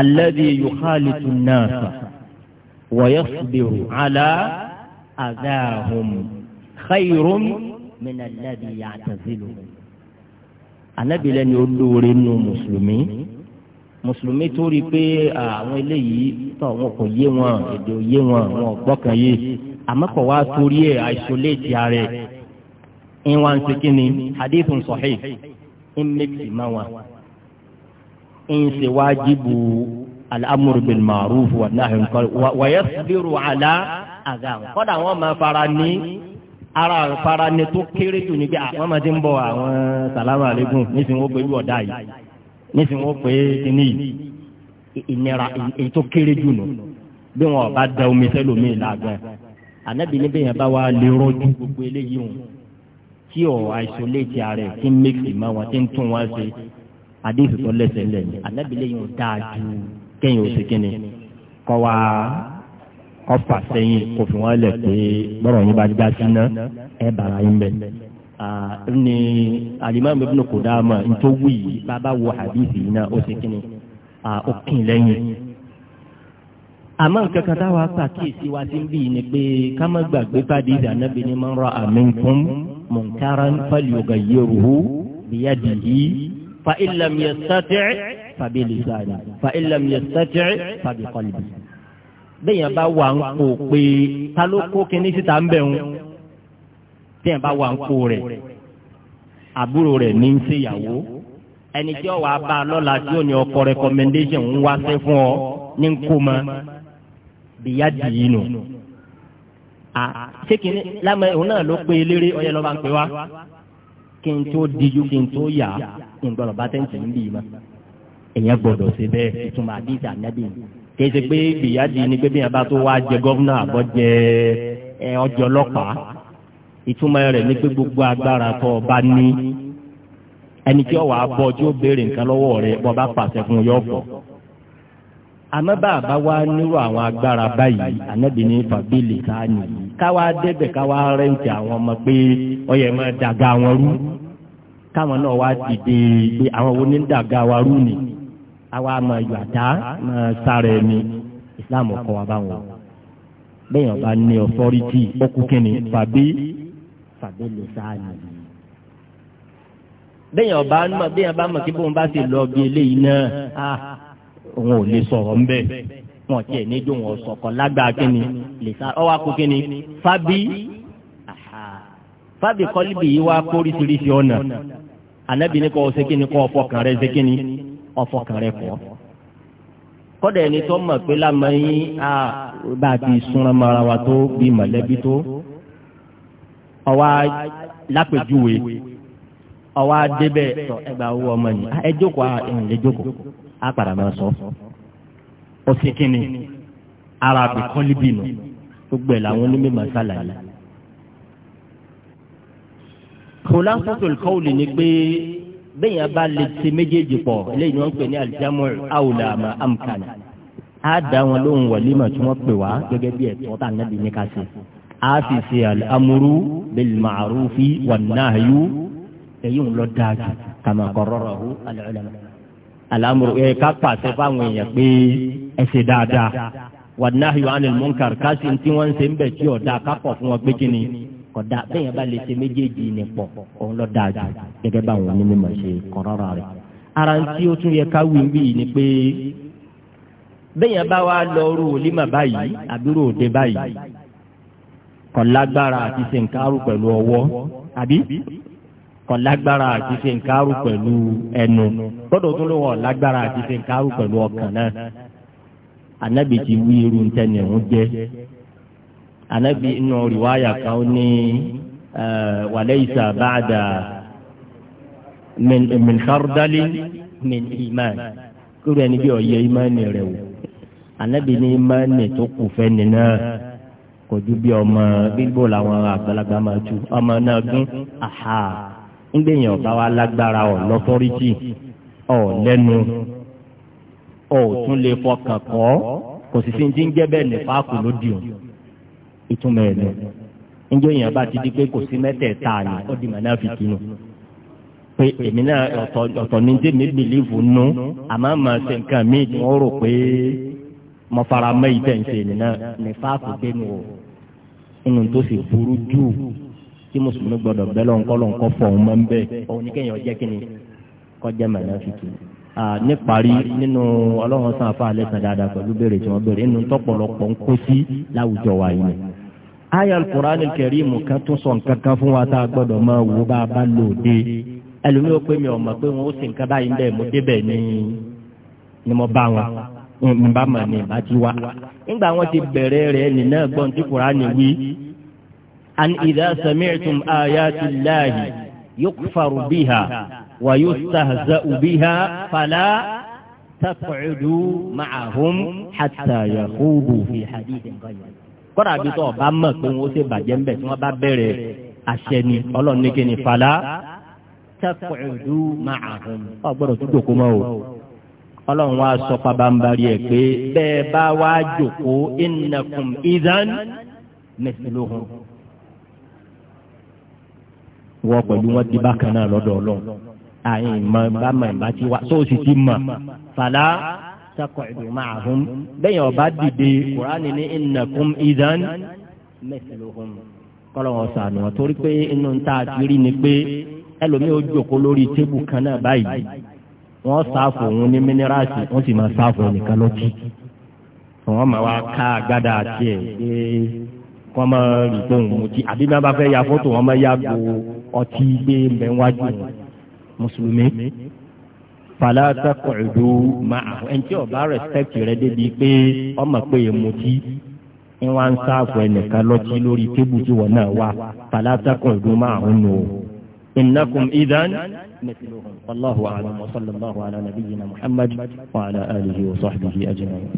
alladhi yukhalitu an-nasa wọ̀yẹ́sùbẹ̀rù àlá àdáhùn khayrum min alladhi ya'tazilu. anábìlẹ̀ ni ó lóore nù mùsùlùmí mùsùlùmí tó rí i pé àwọn eléyìí tọ̀ wọn kò yé wọn èdè ò yé wọn wọn ò gbọ́kàn yé àmọ́ kò wá torí ẹ̀ àìsọ̀lẹ́ẹ̀tì ààrẹ ń wá ń ṣe kí ni hadithun sahih ń mẹ́tì máa wà ń ṣe wájibu al-amru bil ma'ruf wa nahy wa yasbiru ala àgà kọ́dà wọ́n máa fara ní ara fara ní tó kéré jù níbi àwọn máa ti ń bọ̀ àwọn salamu aleykum nísìnyí wọ́n pé irú ọ̀dà yìí nísìnyí wọ́n pé kíní yìí ìnira èyí tó kéré jù nù bí wọn bá da omi sẹlómìn làgbọn ànábì níbi yẹn bá wà lè rọjú gbogbo eléyìí hùn tí ò isolate ààrẹ tí ń mix mọ wọn tí ń tún wọn ṣe àdéhùn tó lẹsẹ lẹ ànábì lẹ́yìn ò dáa jù kéèyàn ò sí kíni kọ́ wa kọ́ fà sẹ́yìn kò fi wọ́n lẹ̀ pé bọ́rọ̀ yín bá dá sí ná ẹ bàrà yín bẹ̀. ní alimami ibn Qudama ntòwí bàbá wo hadith yìí náà ó sí ó kìn lẹ́yìn. àmọ́ nǹkan kan táwa pàkíyèsí wa ti ń bì ní pé ká má gbàgbé pàdé ìdánábì ní man ra'a minkum munkaran falyughayyiruhu biyadihi fa illam yastati' fàbí lisani fa ilam yastati fàbí kọlbi. bẹ́ẹ̀yàn bá wà ń kó pé ta ló kó kíní síta ń bẹ̀ ń bẹ́ẹ̀yàn bá wà ń kó rẹ̀ àbúrò rẹ̀ ní í ṣèyàwó ẹni tí ó wàá a lọ́la tí ó ní ọkọ recommendation ń wá sí fún ọ ní ń kó mọ bìyà dìí nù. a ṣé kìíní lámọ òun náà ló pé eléré ọyẹ lọ́ba ń pè wá kí n tó díjú kí n tó yà á ń gbọ́dọ̀ bá tẹ̀sí ń bì í mọ́. èyàn gbọdọ̀ ṣe bẹ́ẹ̀ ìtumọ̀ àdìsí ànábì kéde pé gbìyàdì ni pé bí yẹn tó wá jẹ ọjọ́ ọlọ́pàá ìtumọ̀ rẹ̀ pé gbogbo agbára tó o bá ní ẹni tí ó wàá bọ̀ tí ó béèrè nǹkan lọ́wọ́ rẹ̀ bọ́ bá pàṣẹ fún yọ ọ̀fọ̀ àmọ́ bá a bá wá nírú àwọn agbára báyìí ànábì ní fàbílì ká nìyí débẹ̀ rẹ́ǹtì àwọn ọmọ pé mọ́ wọn rú káwọn náà wá dìde pé àwọn wo ní àwa máa yọ àdá máa sára ẹni islam ọkọ wa báwọn bẹ́ẹ̀ ọba ní authority ọkù kìnnì fàbí fàbí lè sáàyè. bẹ́ẹ̀ ọba mọ̀ bẹ́ẹ̀ ọba mọ̀ kí bóun bá ti lọ bí eléyìí náà á òun ò lè sọ̀rọ̀ ńbẹ́ wọn tiẹ̀ níjó wọn sọ̀kọ̀ lágbàá kìnnì lè sá ọwọ́ akú fàbí fàbí kọ́líbì yìí wá kórìsìrìsì ọ̀nà ànábì ní kò ṣe kìnnì kò ọ̀fọ̀ kàn rẹ̀ ṣe kìnnì ọ̀fọ̀kàn rẹ̀ pọ̀ kọ́dà ẹni tó mọ̀ pé lámọ́yìn á bá a ti súnra mara wa tó bí mọ̀lẹ́bí tó ọwá lápèjúwe ọwá débẹ̀ tọ ẹgbà owó ọmọ yìí ẹ jókòó ẹ̀yìn lè jókòó á padà máa sọ ó sì kí ni ara làwọn onímọ̀ sálàyé. kò láǹfọ̀tò ìkọ́wòlì ni pé bẹ́yìn abá lè ti méjèèjì pọ̀ lẹ́yìn wọn pè ní alijamu awùlà àmà amkana á dá wọn lóhùn wọlé mà tí wọ́n pè wá gẹ́gẹ́ bí ẹ̀tọ́ tá nàbí ní ká ṣe á sì ṣe amúrú bil ma'rufi wan nahyu èyí ń lọ dáàjù kama qarrarahu al-ulama alamuru ẹ ká pàṣẹ fáwọn èèyàn pé ẹ dáadáa wan nahyu anil ká sì ń tí wọ́n ń ṣe ń bẹ̀ tí ọ̀dà ká fún wọn gbé kíni kódà bẹ́ẹ̀ bá lè ṣe méjèèjì ní pọ̀ òun lọ dáa jù gẹ́gẹ́ bá wọn nínú ìmọ̀ṣe kọ̀rọ̀rọ̀ rẹ̀. ara ń tí ó tún yẹ ká wí wí ni pé bẹ́ẹ̀ bá wa lọ rú olímọ̀ báyìí àbúrò òde báyìí kò lágbára àti ṣe nkárù pẹ̀lú ọwọ́ àbí kò lágbára àti ṣe nkárù pẹ̀lú ẹnu gbọ́dọ̀ tó ló wọ̀ lágbára àti ṣe nkárù pẹ̀lú ọkàn náà anábìtì wí irú ntẹ́ni òun jẹ́ anabi inú riwaya kan ó ní wàlẹ́yìísà báàdà min khardali min iman kúrò ẹni bí ọ̀yẹ́ imani rẹ̀ wò anabi ní imani tó kù fẹ́ nínú kò ju bí ọmọ bíbó làwọn àgbàlagbà máa tu ọmọ náà gún aha ńgbẹ̀yìn ọ̀bá wa lágbára ọ̀ lọ́tọ́rìtì ọ̀ lẹ́nu ọ̀ tún lè fọkàn kọ́ kò sì sí ti ń jẹ́ bẹ́ẹ̀ nípa kò lódì òun ìtumọ̀ ẹ̀ lọ. níjọ́ yẹn bá ti di pé kò sí mẹ́tẹ̀ẹ̀ta ni ó di mọ̀nà fi kinu. pé èmi náà ọ̀tọ̀ ní tèmi bìlífù nù àmọ́ màá ṣe nǹkan míì tí wọ́n rò pé mo fara mọ́ ìtẹ̀ǹsẹ̀ nìyẹn ní fáàkù gbẹ̀nu o. inú tó sì burú jù tí mùsùlùmí gbọdọ̀ bẹ́ẹ̀ lọ́nkọ́ lọ́nkọ́ fọ̀ ọ́n mọ́ ń bẹ́ẹ̀ òun ní kéèyàn jẹ́ kíni kọjá mọ̀nà fi kinu níparí nínú ọlọ́run sáfà lẹ́sàn dáadáa pẹ̀lú béèrè tí wọ́n béèrè nínú tọ́pọ̀lọpọ̀ ń kó sí láwùjọ wa yìí aya alukur'an kẹrìmù kan tún sọ nǹkan kan fún wa tá a gbọ́dọ̀ máa wò bá a bá lò dé ẹlòmíì ó pè mí ọmọ pé wọn ó sì nǹkan báyìí bẹ́ẹ̀ mo débẹ̀ ní ni mo bá wọn nba ma ni ba ti wa ngba wọn ti bẹ̀rẹ̀ rẹ̀ nínú ẹgbọn tí kurani wí an idha sami'tum ayati llahi yukfaru biha wa yustahza'u biha fala taq'udu ma'ahum hatta yaqudu fi hadithin ghayr kọ́dà bí tó ọba mọ̀ pé wọ́n ṣe bàjẹ́ ń bẹ̀ tí wọ́n bá bẹ̀rẹ̀ àṣẹ ni ọlọ́run ní kíni fàlà tẹ́kọ̀ọ́dù máa hùn. ọ gbọ́dọ̀ tó jòkó mọ́ o ọlọ́run wa sọ pabambari ẹ̀ pé bẹ́ẹ̀ bá wá jòkó ìnàkùn ìdán mẹ́sìlóhùn. wọ́n pẹ̀lú wọn ti bákan náà lọ́dọ̀ ọlọ́run àyìn mọ̀ bá ti wá sóòsì ti mọ̀ fàlà taqudu ma'ahum bẹ́ẹ̀ ọba dìde kùránì ní innakum idhan mithluhum kọ́lọ́wọ́ sànù wọn torí pé inú ta àtìrí ni pé ẹlòmíì ó jókòó lórí tébù kan náà báyìí wọ́n sáfò òun ní mínírààsì wọ́n sì máa sáfò nìkan lọ́jì wọ́n máa wá ká àgádà àti ẹ̀ pé wọ́n máa rí pé òun mutí àbí bí wọ́n bá fẹ́ ya fótò wọ́n máa yàgò ọtí gbé mbẹ́wájú mùsùlùmí falata kọ̀ọ̀dù máa ẹni tí ọba respect rẹ débi pé ọmọ pé èmùtí wọn ń sáàfù ẹnìkan lọtí lórí tébù tí wọn náà wà falata kọ̀ọ̀dù máa ń nù o. إنكم إذا مثلهم والله أعلم وصلى الله على نبينا محمد وعلى آله وصحبه أجمعين